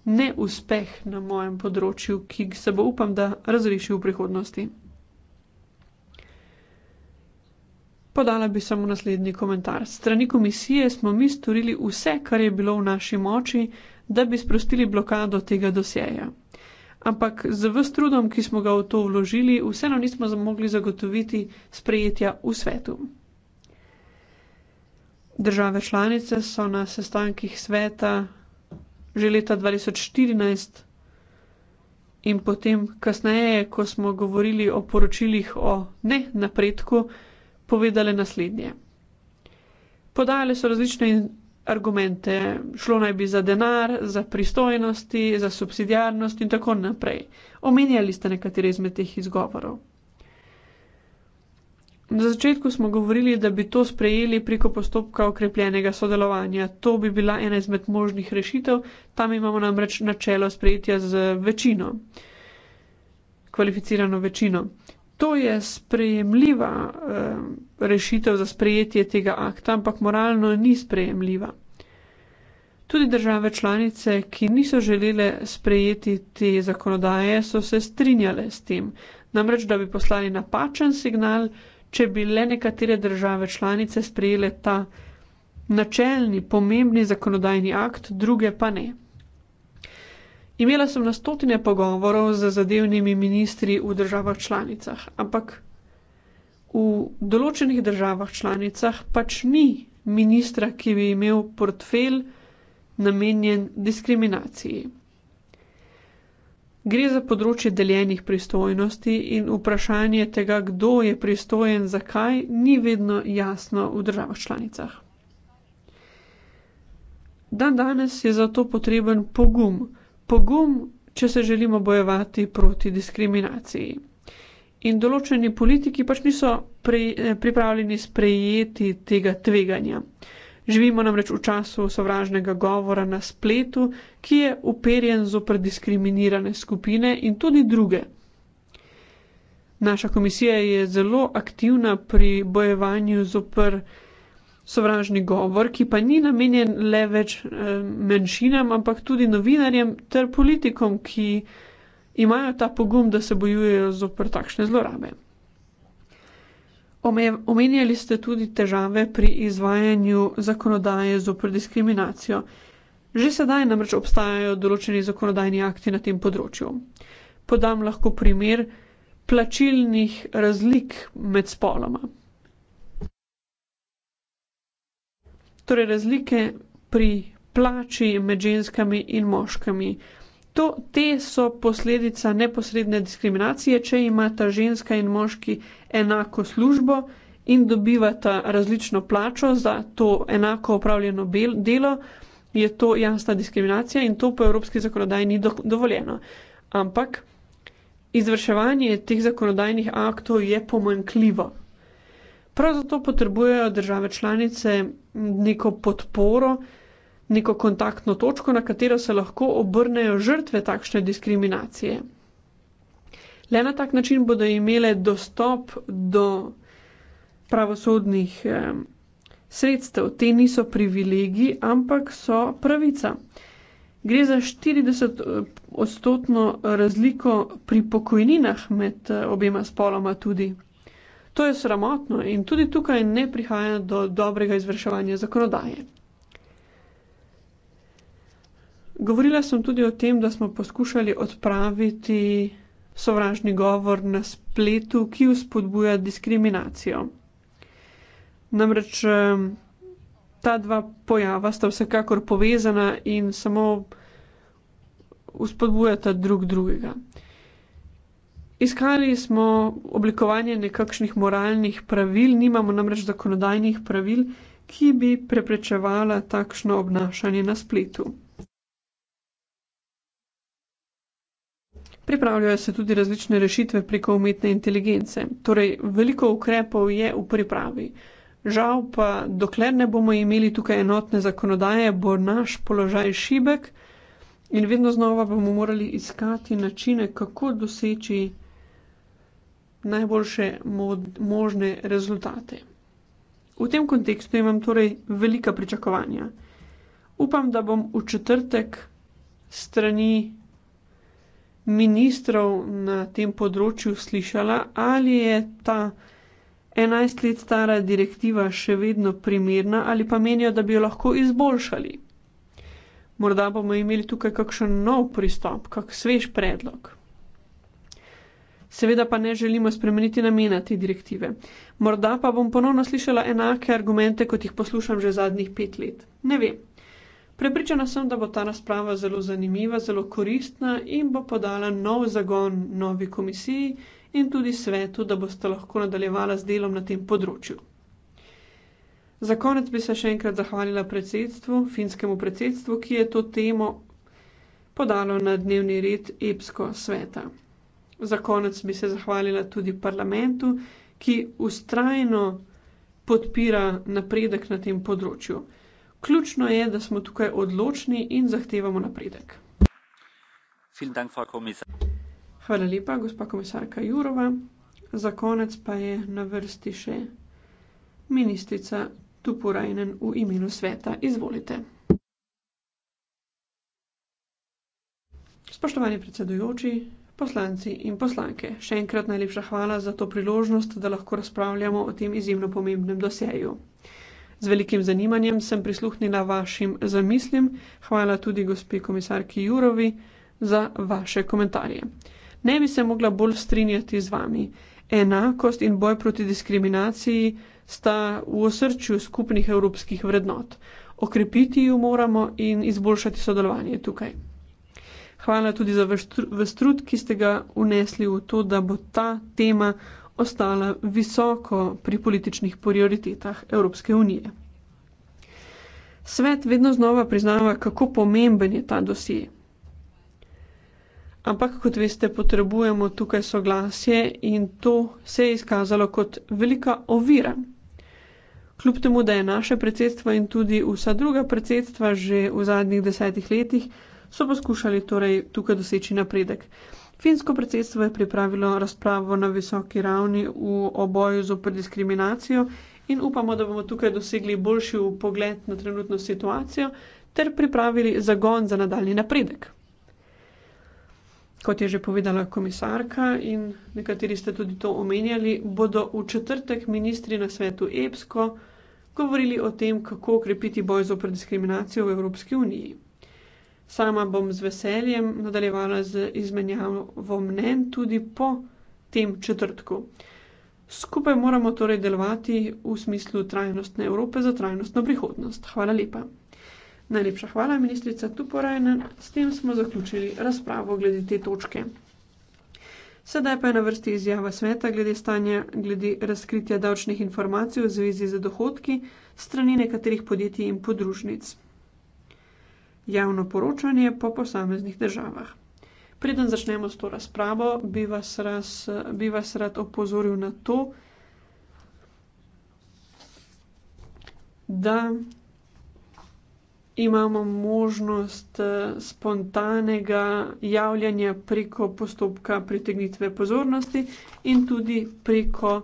neuspeh na mojem področju, ki se bo upam, da razreši v prihodnosti. Podala bi samo naslednji komentar. Strani komisije smo mi storili vse, kar je bilo v naši moči, da bi sprostili blokado tega dosjeja. Ampak z vstrudom, ki smo ga v to vložili, vseeno nismo mogli zagotoviti sprejetja v svetu. Države članice so na sestankih sveta že leta 2014 in potem kasneje, ko smo govorili o poročilih o ne napredku, povedale naslednje. Podajale so različne argumente, šlo naj bi za denar, za pristojnosti, za subsidijarnost in tako naprej. Omenjali ste nekatere izmed teh izgovorov. Na začetku smo govorili, da bi to sprejeli preko postopka okrepljenega sodelovanja. To bi bila ena izmed možnih rešitev, tam imamo namreč načelo sprejetja z večino, kvalificirano večino. To je sprejemljiva eh, rešitev za sprejetje tega akta, ampak moralno ni sprejemljiva. Tudi države članice, ki niso želele sprejeti te zakonodaje, so se strinjale s tem, namreč da bi poslali napačen signal, če bi le nekatere države članice sprejele ta načelni, pomembni zakonodajni akt, druge pa ne. Imela sem na stotine pogovorov z zadevnimi ministri v državah članicah, ampak v določenih državah članicah pač ni ministra, ki bi imel portfelj namenjen diskriminaciji. Gre za področje deljenih pristojnosti in vprašanje tega, kdo je pristojen za kaj, ni vedno jasno v državah članicah. Dan danes je zato potreben pogum pogum, če se želimo bojevati proti diskriminaciji. In določeni politiki pač niso pri, eh, pripravljeni sprejeti tega tveganja. Živimo namreč v času sovražnega govora na spletu, ki je uperjen zopr diskriminirane skupine in tudi druge. Naša komisija je zelo aktivna pri bojevanju zopr diskriminacije sovražni govor, ki pa ni namenjen le več eh, menšinam, ampak tudi novinarjem ter politikom, ki imajo ta pogum, da se bojujejo zopr takšne zlorabe. Omenjali ste tudi težave pri izvajanju zakonodaje zopr diskriminacijo. Že sedaj namreč obstajajo določeni zakonodajni akti na tem področju. Podam lahko primer plačilnih razlik med spoloma. torej razlike pri plači med ženskami in moškami. To, te so posledica neposredne diskriminacije, če imata ženska in moški enako službo in dobivata različno plačo za to enako opravljeno bel, delo, je to jasna diskriminacija in to po evropski zakonodaji ni do, dovoljeno. Ampak izvrševanje teh zakonodajnih aktov je pomankljivo. Prav zato potrebujejo države članice neko podporo, neko kontaktno točko, na katero se lahko obrnejo žrtve takšne diskriminacije. Le na tak način bodo imele dostop do pravosodnih eh, sredstev. Te niso privilegiji, ampak so pravica. Gre za 40 eh, odstotno razliko pri pokojninah med eh, obema spoloma tudi. To je sramotno in tudi tukaj ne prihaja do dobrega izvrševanja zakonodaje. Govorila sem tudi o tem, da smo poskušali odpraviti sovražni govor na spletu, ki vzpodbuja diskriminacijo. Namreč ta dva pojava sta vsekakor povezana in samo vzpodbujata drug drugega. Iskali smo oblikovanje nekakšnih moralnih pravil, nimamo namreč zakonodajnih pravil, ki bi preprečevala takšno obnašanje na spletu. Pripravljajo se tudi različne rešitve preko umetne inteligence, torej veliko ukrepov je v pripravi. Žal pa, dokler ne bomo imeli tukaj enotne zakonodaje, bo naš položaj šibek in vedno znova bomo morali iskati načine, kako doseči najboljše možne rezultate. V tem kontekstu imam torej velika pričakovanja. Upam, da bom v četrtek strani ministrov na tem področju slišala, ali je ta 11 let stara direktiva še vedno primerna ali pa menijo, da bi jo lahko izboljšali. Morda bomo imeli tukaj kakšen nov pristop, kakšen svež predlog. Seveda pa ne želimo spremeniti namena te direktive. Morda pa bom ponovno slišala enake argumente, kot jih poslušam že zadnjih pet let. Ne vem. Prepričana sem, da bo ta razprava zelo zanimiva, zelo koristna in bo podala nov zagon novi komisiji in tudi svetu, da boste lahko nadaljevala z delom na tem področju. Za konec bi se še enkrat zahvalila predsedstvu, finskemu predsedstvu, ki je to temo podalo na dnevni red EPSKO sveta. Za konec bi se zahvalila tudi parlamentu, ki ustrajno podpira napredek na tem področju. Ključno je, da smo tukaj odločni in zahtevamo napredek. Hvala lepa, gospa komisarka Jurova. Za konec pa je na vrsti še ministrica Tupurajnen v imenu sveta. Izvolite. Spoštovani predsedujoči, poslanci in poslanke, še enkrat najlepša hvala za to priložnost, da lahko razpravljamo o tem izjemno pomembnem doseju. Z velikim zanimanjem sem prisluhnila vašim zamislim, hvala tudi gospe komisarki Jurovi za vaše komentarje. Ne bi se mogla bolj strinjati z vami. Enakost in boj proti diskriminaciji sta v osrčju skupnih evropskih vrednot. Okrepiti ju moramo in izboljšati sodelovanje tukaj. Hvala tudi za vaš trud, ki ste ga unesli v to, da bo ta tema ostala visoko pri političnih prioritetah Evropske unije. Svet vedno znova priznava, kako pomemben je ta dosje. Ampak, kot veste, potrebujemo tukaj soglasje in to se je izkazalo kot velika ovira. Kljub temu, da je naše predsedstvo in tudi vsa druga predsedstva že v zadnjih desetih letih so poskušali torej tukaj doseči napredek. Finsko predsedstvo je pripravilo razpravo na visoki ravni v oboju zopr diskriminacijo in upamo, da bomo tukaj dosegli boljši pogled na trenutno situacijo ter pripravili zagon za nadaljni napredek. Kot je že povedala komisarka in nekateri ste tudi to omenjali, bodo v četrtek ministri na svetu EPSKO govorili o tem, kako ukrepiti boj zopr diskriminacijo v Evropski uniji. Sama bom z veseljem nadaljevala z izmenjavo mnen tudi po tem četrtku. Skupaj moramo torej delovati v smislu trajnostne Evrope za trajnostno prihodnost. Hvala lepa. Najlepša hvala, ministrica Tuporajna. S tem smo zaključili razpravo glede te točke. Sedaj pa je na vrsti izjava sveta glede stanja, glede razkritja davčnih informacij v zvezi z dohodki strani nekaterih podjetij in podružnic javno poročanje po posameznih državah. Preden začnemo s to razpravo, bi vas, raz, bi vas rad opozoril na to, da imamo možnost eh, spontanega javljanja preko postopka pritegnitve pozornosti in tudi preko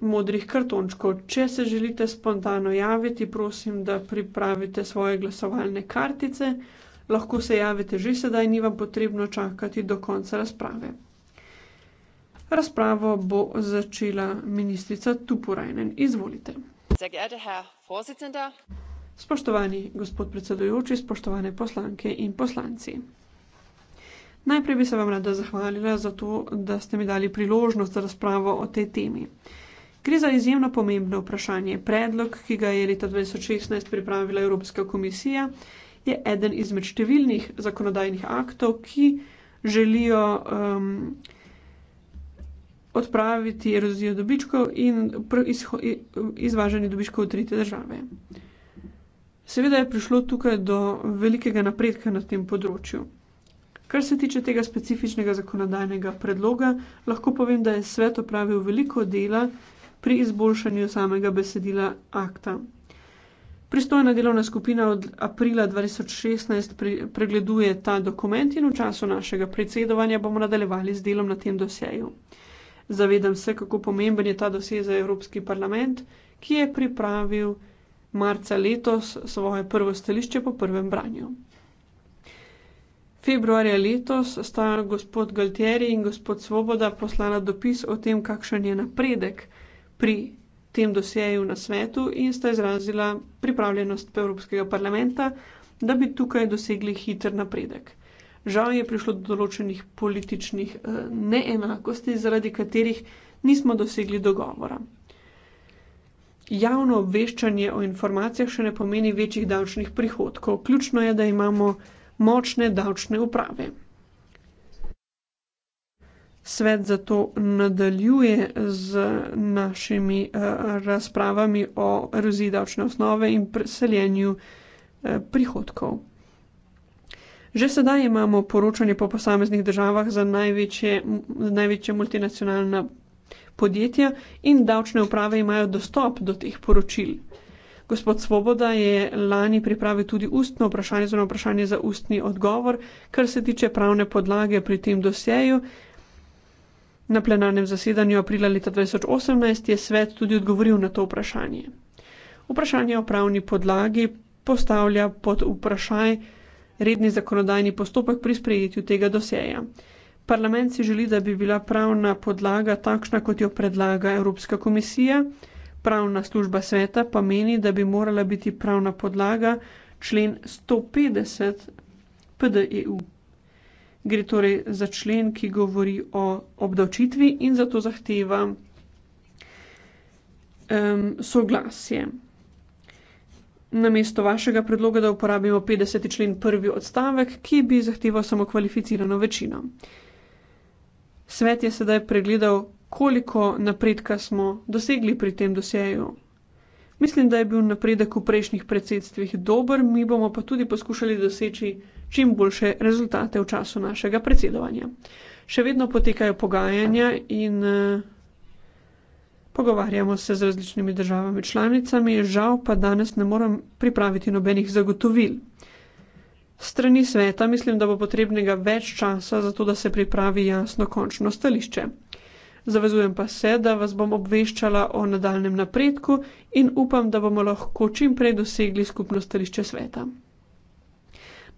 modrih kartončkov. Če se želite spontano javiti, prosim, da pripravite svoje glasovalne kartice. Lahko se javite že sedaj, ni vam potrebno čakati do konca razprave. Razpravo bo začela ministrica Tupurajnen. Izvolite. Spoštovani gospod predsedujoči, spoštovane poslanke in poslanci. Najprej bi se vam rada zahvalila za to, da ste mi dali priložnost za razpravo o tej temi. Gre za izjemno pomembno vprašanje. Predlog, ki ga je leta 2016 pripravila Evropska komisija, je eden izmed številnih zakonodajnih aktov, ki želijo um, odpraviti erozijo dobičkov in izvažanje dobičkov v tretje države. Seveda je prišlo tukaj do velikega napredka na tem področju. Kar se tiče tega specifičnega zakonodajnega predloga, lahko povem, da je svet opravil veliko dela, pri izboljšanju samega besedila akta. Pristojna delovna skupina od aprila 2016 pre pregleduje ta dokument in v času našega predsedovanja bomo nadaljevali z delom na tem doseju. Zavedam se, kako pomemben je ta dosej za Evropski parlament, ki je pripravil marca letos svoje prvo stališče po prvem branju. Februarja letos sta gospod Galtieri in gospod Svoboda poslala dopis o tem, kakšen je napredek pri tem dosjeju na svetu in sta izrazila pripravljenost Evropskega parlamenta, da bi tukaj dosegli hiter napredek. Žal je prišlo do določenih političnih eh, neenakosti, zaradi katerih nismo dosegli dogovora. Javno obveščanje o informacijah še ne pomeni večjih davčnih prihodkov. Ključno je, da imamo močne davčne uprave. Svet zato nadaljuje z našimi uh, razpravami o eroziji davčne osnove in preseljenju uh, prihodkov. Že sedaj imamo poročanje po posameznih državah za največje, največje multinacionalna podjetja in davčne uprave imajo dostop do teh poročil. Gospod Svoboda je lani pripravil tudi ustno vprašanje, vprašanje za ustni odgovor, kar se tiče pravne podlage pri tem dosjeju, Na plenarnem zasedanju aprila leta 2018 je svet tudi odgovoril na to vprašanje. Vprašanje o pravni podlagi postavlja pod vprašaj redni zakonodajni postopek pri sprejetju tega doseja. Parlament si želi, da bi bila pravna podlaga takšna, kot jo predlaga Evropska komisija, pravna služba sveta pa meni, da bi morala biti pravna podlaga člen 150 PDEU. Gre torej za člen, ki govori o obdavčitvi in zato zahteva um, soglasje. Namesto vašega predloga, da uporabimo 50. člen prvi odstavek, ki bi zahteval samo kvalificirano večino. Svet je sedaj pregledal, koliko napredka smo dosegli pri tem dosjeju. Mislim, da je bil napredek v prejšnjih predsedstvih dober, mi bomo pa tudi poskušali doseči čim boljše rezultate v času našega predsedovanja. Še vedno potekajo pogajanja in eh, pogovarjamo se z različnimi državami članicami, žal pa danes ne morem pripraviti nobenih zagotovil. Strani sveta mislim, da bo potrebnega več časa, zato da se pripravi jasno končno stališče. Zavezujem pa se, da vas bom obveščala o nadaljem napredku in upam, da bomo lahko čim prej dosegli skupno stališče sveta.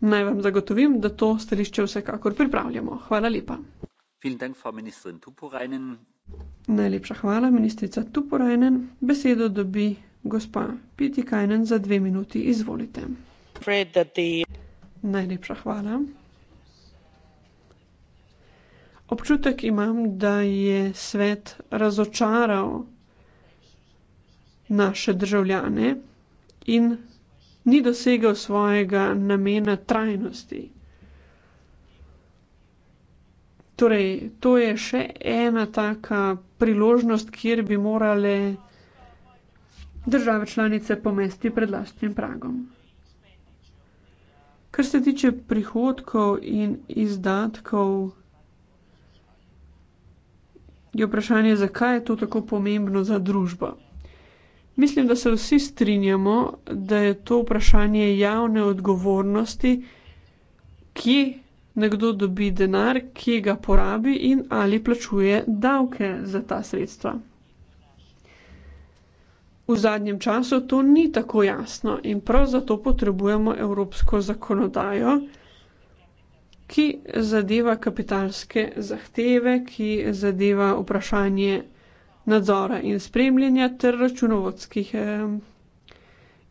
Naj vam zagotovim, da to stališče vsekakor pripravljamo. Hvala lepa. Najlepša hvala, ministrica Tuporajnen. Besedo dobi gospa Piti Kajnen za dve minuti. Izvolite. Najlepša hvala. Občutek imam, da je svet razočaral naše državljane in ni dosegel svojega namena trajnosti. Torej, to je še ena taka priložnost, kjer bi morale države članice pomesti pred lastnim pragom. Kar se tiče prihodkov in izdatkov, je vprašanje, zakaj je to tako pomembno za družbo. Mislim, da se vsi strinjamo, da je to vprašanje javne odgovornosti, kje nekdo dobi denar, kje ga porabi in ali plačuje davke za ta sredstva. V zadnjem času to ni tako jasno in prav zato potrebujemo evropsko zakonodajo, ki zadeva kapitalske zahteve, ki zadeva vprašanje nadzora in spremljanja ter računovodskih eh,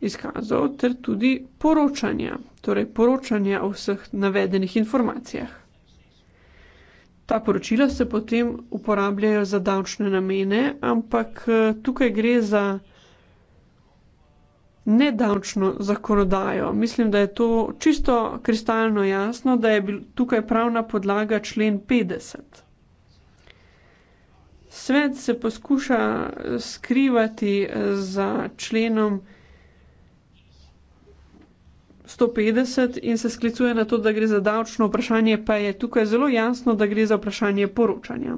izkazov ter tudi poročanja, torej poročanja o vseh navedenih informacijah. Ta poročila se potem uporabljajo za davčne namene, ampak eh, tukaj gre za nedavčno zakonodajo. Mislim, da je to čisto kristalno jasno, da je bil tukaj pravna podlaga člen petdeset. Svet se poskuša skrivati eh, za členom 150 in se sklicuje na to, da gre za davčno vprašanje, pa je tukaj zelo jasno, da gre za vprašanje poročanja.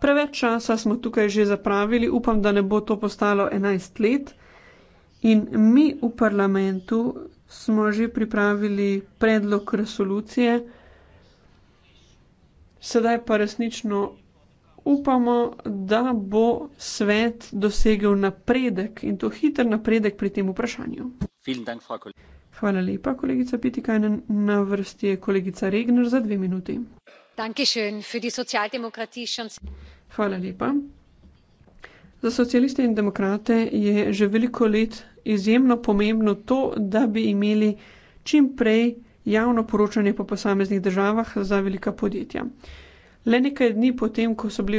Preveč časa smo tukaj že zapravili, upam, da ne bo to postalo 11 let. In mi v parlamentu smo že pripravili predlog resolucije, sedaj pa resnično upamo, da bo svet dosegel napredek in to hiter napredek pri tem vprašanju. Hvala lepa, kolegica Pitikajnen. Na vrsti je kolegica Regner za dve minuti. Hvala lepa. Za socialiste in demokrate je že veliko let izjemno pomembno to, da bi imeli čim prej javno poročanje po posameznih državah za velika podjetja. Le nekaj dni potem, ko so bili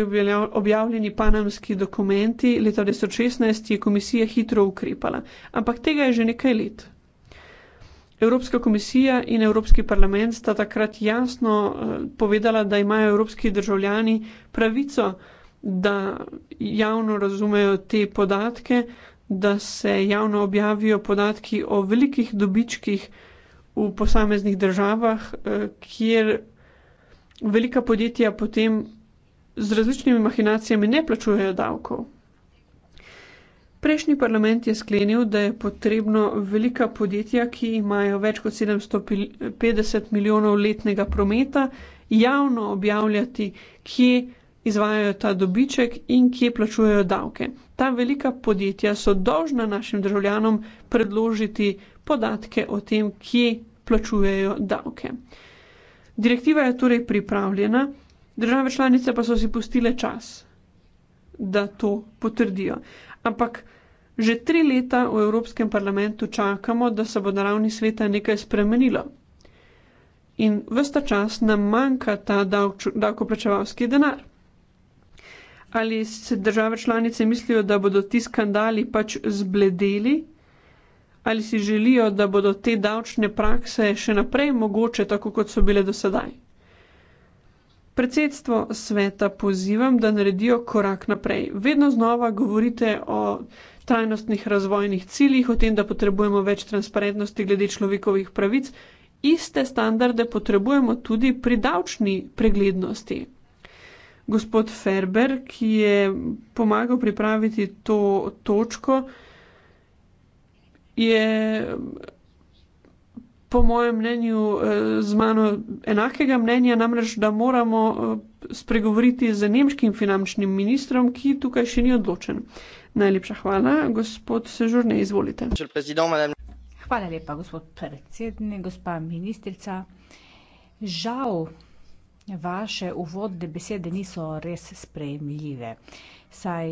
objavljeni panamski dokumenti leta 2016, je komisija hitro ukrepala, ampak tega je že nekaj let. Evropska komisija in Evropski parlament sta takrat jasno eh, povedala, da imajo evropski državljani pravico, da javno razumejo te podatke, da se javno objavijo podatki o velikih dobičkih v posameznih državah, eh, kjer velika podjetja potem z različnimi mahinacijami ne plačujejo davkov. Prejšnji parlament je sklenil, da je potrebno velika podjetja, ki imajo več kot 750 milijonov letnega prometa, javno objavljati, kje izvajajo ta dobiček in kje plačujejo davke. Ta velika podjetja so dolžna našim državljanom predložiti podatke o tem, kje plačujejo davke. Direktiva je torej pripravljena, države članice pa so si pustile čas, da to potrdijo. Ampak že tri leta v Evropskem parlamentu čakamo, da se bo na ravni sveta nekaj spremenilo. In vsta čas nam manjka ta davkoplačevalski denar. Ali se države članice mislijo, da bodo ti skandali pač zbledeli? ali si želijo, da bodo te davčne prakse še naprej mogoče, tako kot so bile do sedaj. Predsedstvo sveta pozivam, da naredijo korak naprej. Vedno znova govorite o trajnostnih razvojnih ciljih, o tem, da potrebujemo več transparentnosti glede človekovih pravic. Iste standarde potrebujemo tudi pri davčni preglednosti. Gospod Ferber, ki je pomagal pripraviti to točko, je po mojem mnenju eh, z mano enakega mnenja, namreč, da moramo eh, spregovoriti z nemškim finančnim ministrom, ki tukaj še ni odločen. Najlepša hvala, gospod Sežurne, izvolite. Hvala lepa, gospod predsednik, gospa ministrica. Žal, vaše uvodne besede niso res sprejemljive, saj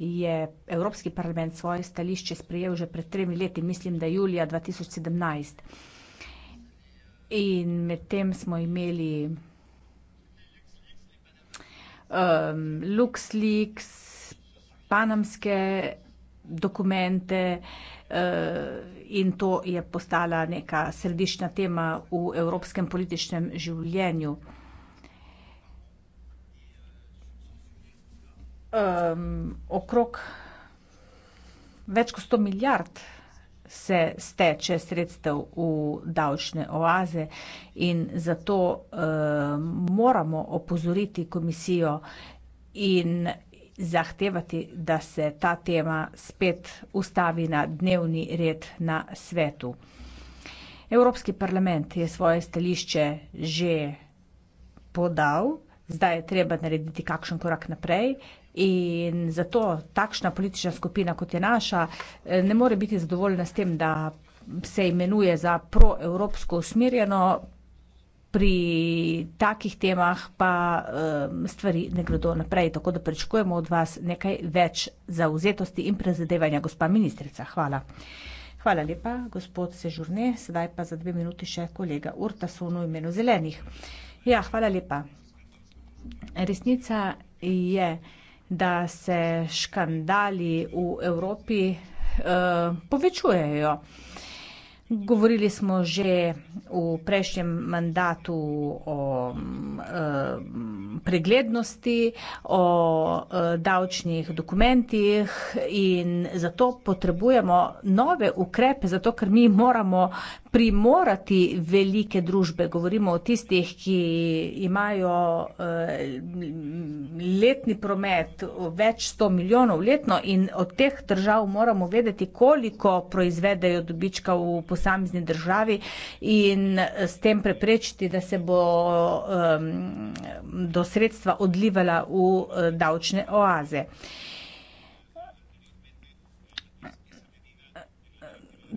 je Evropski parlament svoje stališče sprejel že pred tremi leti, mislim, da julija 2017. In med tem smo imeli um, LuxLeaks, panamske dokumente uh, in to je postala neka središčna tema v evropskem političnem življenju. um, okrog več kot 100 milijard se steče sredstev v davčne oaze in zato um, moramo opozoriti komisijo in zahtevati, da se ta tema spet ustavi na dnevni red na svetu. Evropski parlament je svoje stališče že podal, zdaj je treba narediti kakšen korak naprej, In zato takšna politična skupina, kot je naša, eh, ne more biti zadovoljna s tem, da se imenuje za proevropsko usmerjeno, pri takih temah pa eh, stvari ne gredo naprej. Tako da pričakujemo od vas nekaj več zauzetosti in prezadevanja, gospa ministrica. Hvala. Hvala lepa, gospod Sežurne. Sedaj pa za dve minuti še kolega Urta Sonu imenu Zelenih. Ja, hvala lepa. Resnica je da se škandali v Evropi uh, povečujejo. Uh, Govorili smo že v prejšnjem mandatu o e, preglednosti, o e, davčnih dokumentih in zato potrebujemo nove ukrepe, zato ker mi moramo primorati velike družbe. Govorimo o tistih, ki imajo e, letni promet več sto milijonov letno in od teh držav moramo vedeti, koliko proizvedejo dobička v posebnosti posamezni državi in eh, s tem preprečiti, da se bo do sredstva odlivala v eh, davčne oaze.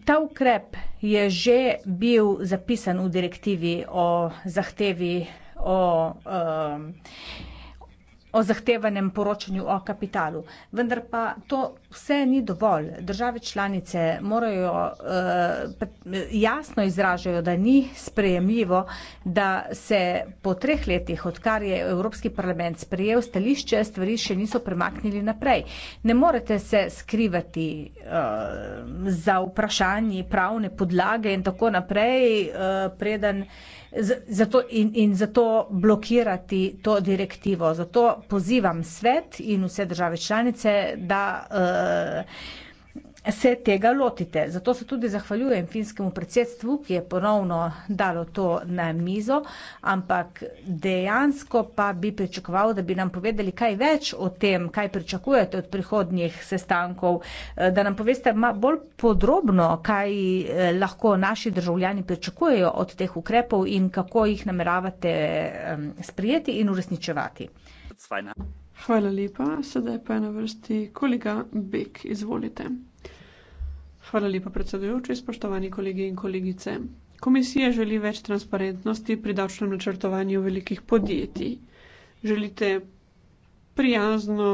Ta ukrep je že bil zapisan v direktivi o zahtevi o, o zahtevanem poročanju o kapitalu. Vendar pa to vse ni dovolj. Države članice morajo eh, jasno izražajo, da ni sprejemljivo, da se po treh letih, odkar je Evropski parlament sprejel stališče, stvari še niso premaknili naprej. Ne morete se skrivati eh, za vprašanje pravne podlage in tako naprej, eh, preden Zato in, in zato blokirati to direktivo. Zato pozivam svet in vse države članice, da uh, Eh, se tega lotite. Zato se tudi zahvaljujem finskemu predsedstvu, ki je ponovno dalo to na mizo, ampak dejansko pa bi pričakoval, da bi nam povedali kaj več o tem, kaj pričakujete od prihodnjih sestankov, eh, da nam poveste bolj podrobno, kaj eh, lahko naši državljani pričakujejo od teh ukrepov in kako jih nameravate sprijeti in uresničevati. Zvajna. Hvala lepa. Sedaj pa je na vrsti kolega Bek. Izvolite. Hvala lepa, predsedujoči, spoštovani kolegi in kolegice. Komisija želi več transparentnosti pri davčnem načrtovanju velikih podjetij. Želite prijazno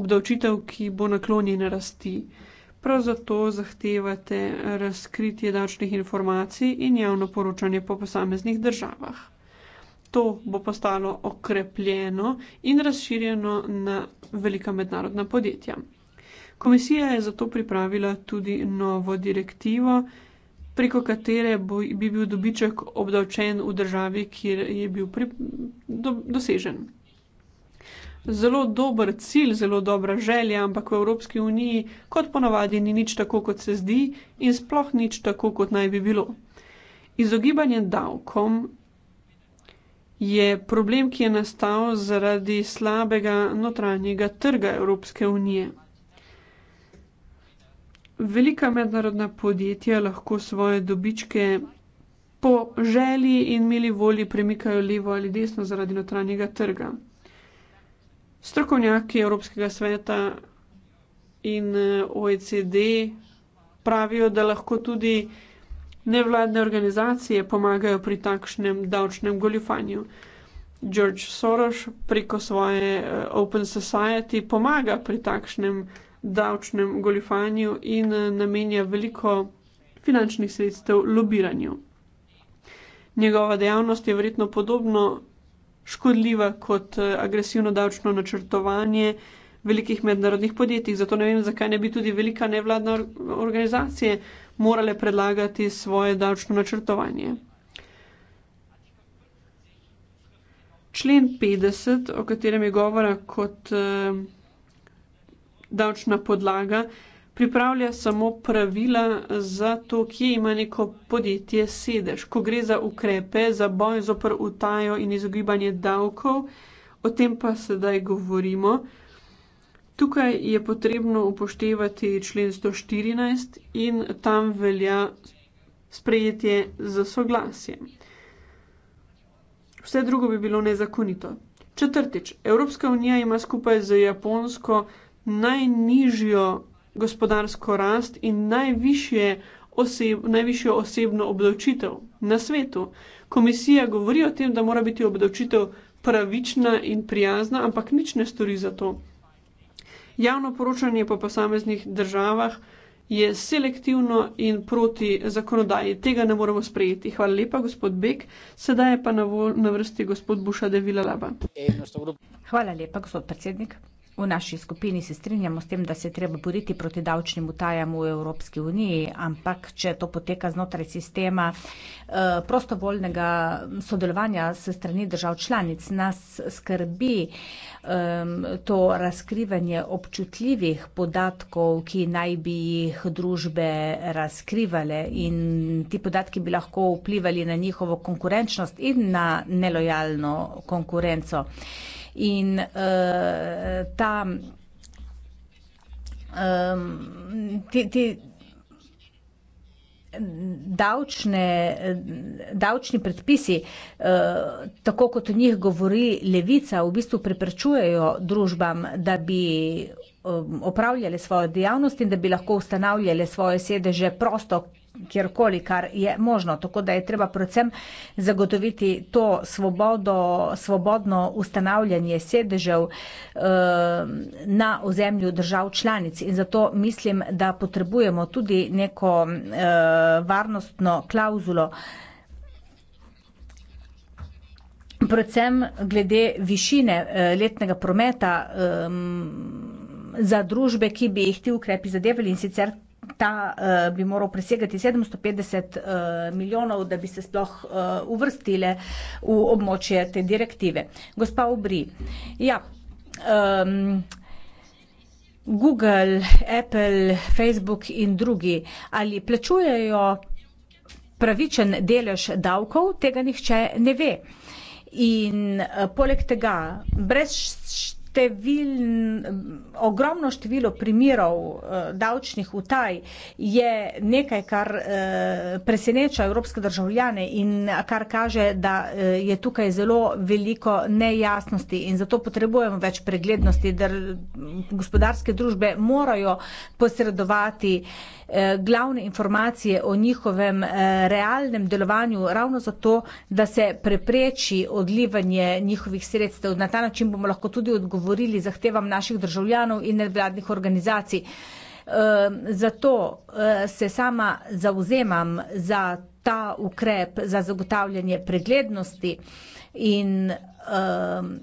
obdavčitev, ki bo naklonjena rasti. Prav zato zahtevate razkritje davčnih informacij in javno poročanje po posameznih državah to bo postalo okrepljeno in razširjeno na velika mednarodna podjetja. Komisija je zato pripravila tudi novo direktivo, preko katere bo, bi bil dobiček obdavčen v državi, kjer je bil pri, do, dosežen. Zelo dober cilj, zelo dobra želja, ampak v Evropski uniji, kot ponavadi, ni nič tako, kot se zdi, in sploh nič tako, kot naj bi bilo. Izogibanje davkom je problem, ki je nastal zaradi slabega notranjega trga Evropske unije. Velika mednarodna podjetja lahko svoje dobičke po želji in mili volji premikajo levo ali desno zaradi notranjega trga. Strokovnjaki Evropskega sveta in eh, OECD pravijo, da lahko tudi Nevladne organizacije pomagajo pri takšnem davčnem goljufanju. George Soros preko svoje eh, Open Society pomaga pri takšnem davčnem goljufanju in eh, namenja veliko finančnih sredstev lobiranju. Njegova dejavnost je verjetno podobno škodljiva kot eh, agresivno davčno načrtovanje, velikih mednarodnih podjetjih. Zato ne vem, zakaj ne bi tudi velika nevladna organizacija morale predlagati svoje davčno načrtovanje. Člen 50, o katerem je govora kot eh, davčna podlaga, pripravlja samo pravila za to, kje ima neko podjetje sedež. Ko gre za ukrepe, za boj zopr utajo in izogibanje davkov, o tem pa sedaj govorimo. Tukaj je potrebno upoštevati člen 114 in tam velja sprejetje za soglasje. Vse drugo bi bilo nezakonito. Četrtič, Evropska unija ima skupaj z Japonsko najnižjo gospodarsko rast in najvišje Oseb, najvišjo osebno obdavčitev na svetu. Komisija govori o tem, da mora biti obdavčitev pravična in prijazna, ampak nič ne stori za to. Javno poročanje po posameznih državah je selektivno in proti zakonodaji. Tega ne moremo sprejeti. Hvala lepa, gospod Bek. Sedaj je pa na, vol, na vrsti gospod Buša Devila Laba. Hvala lepa, gospod predsednik. V naši skupini se strinjamo s tem, da se je treba boriti proti davčnim utajam v Evropski uniji, ampak če to poteka znotraj sistema eh, prostovoljnega sodelovanja se strani držav članic, nas skrbi to razkrivanje občutljivih podatkov, ki naj bi jih družbe razkrivale in ti podatki bi lahko vplivali na njihovo konkurenčnost in na nelojalno konkurenco in, eh, ta, te, te, davčne, davčni predpisi, eh, tako kot o njih govori levica, v bistvu preprečujejo družbam, da bi opravljale svojo dejavnost in da bi lahko ustanavljale svoje sedeže prosto, kjerkoli, kar je možno. Tako da je treba predvsem zagotoviti to svobodo, svobodno ustanavljanje sedežev eh, na ozemlju držav članic. In zato mislim, da potrebujemo tudi neko eh, varnostno klauzulo. Predvsem glede višine eh, letnega prometa um, za družbe, ki bi jih ti ukrepi zadevali in sicer ta, eh, bi moral presegati 750 eh, milijonov, da bi se sploh eh, uvrstile v območje te direktive. Gospa Obri, ja, um, Google, Apple, Facebook in drugi, ali plačujejo pravičen delež davkov, tega nihče ne ve. In poleg tega, brez Številn, ogromno število primerov uh, davčnih utaj je nekaj, kar uh, preseneča evropske državljane in kar kaže, da uh, je tukaj zelo veliko nejasnosti in zato potrebujemo več preglednosti, da gospodarske družbe morajo posredovati uh, glavne informacije o njihovem uh, realnem delovanju, ravno zato, da se prepreči odlivanje njihovih sredstev. Na ta način bomo lahko tudi odgovorili, odgovorili zahtevam naših državljanov in nevladnih organizacij. Ehm, zato eh, se sama zauzemam za ta ukrep za zagotavljanje preglednosti in um,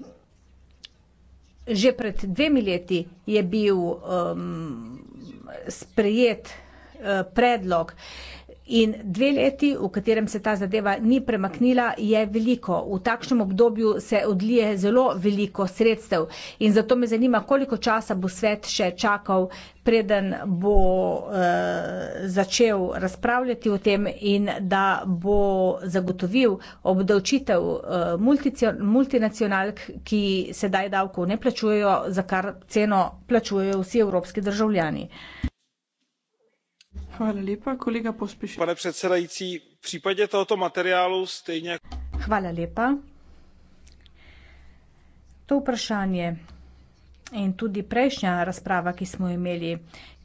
že pred dvemi leti je bil um, sprejet uh, predlog, uh, In dve leti, v katerem se ta zadeva ni premaknila, je veliko. V takšnem obdobju se odlije zelo veliko sredstev. In zato me zanima, koliko časa bo svet še čakal, preden bo eh, začel razpravljati o tem in da bo zagotovil obdavčitev eh, multinacionalk, ki sedaj davkov ne plačujejo, za kar ceno plačujejo vsi evropski državljani pane předsedající v případě tohoto materiálu stejně jako. In tudi prejšnja razprava, ki smo imeli,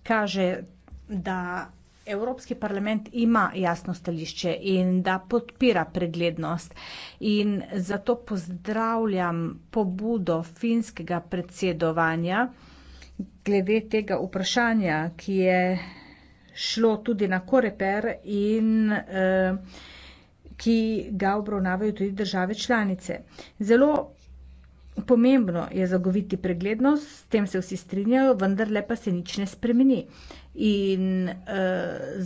kaže, da Evropski parlament ima jasno stališče in da podpira preglednost. In zato pozdravljam pobudo finskega predsedovanja glede tega vprašanja, ki je šlo tudi na koreper in eh, ki ga obravnavajo tudi države članice. Zelo pomembno je zagoviti preglednost, s tem se vsi strinjajo, vendarle pa se nič ne spremeni. In eh,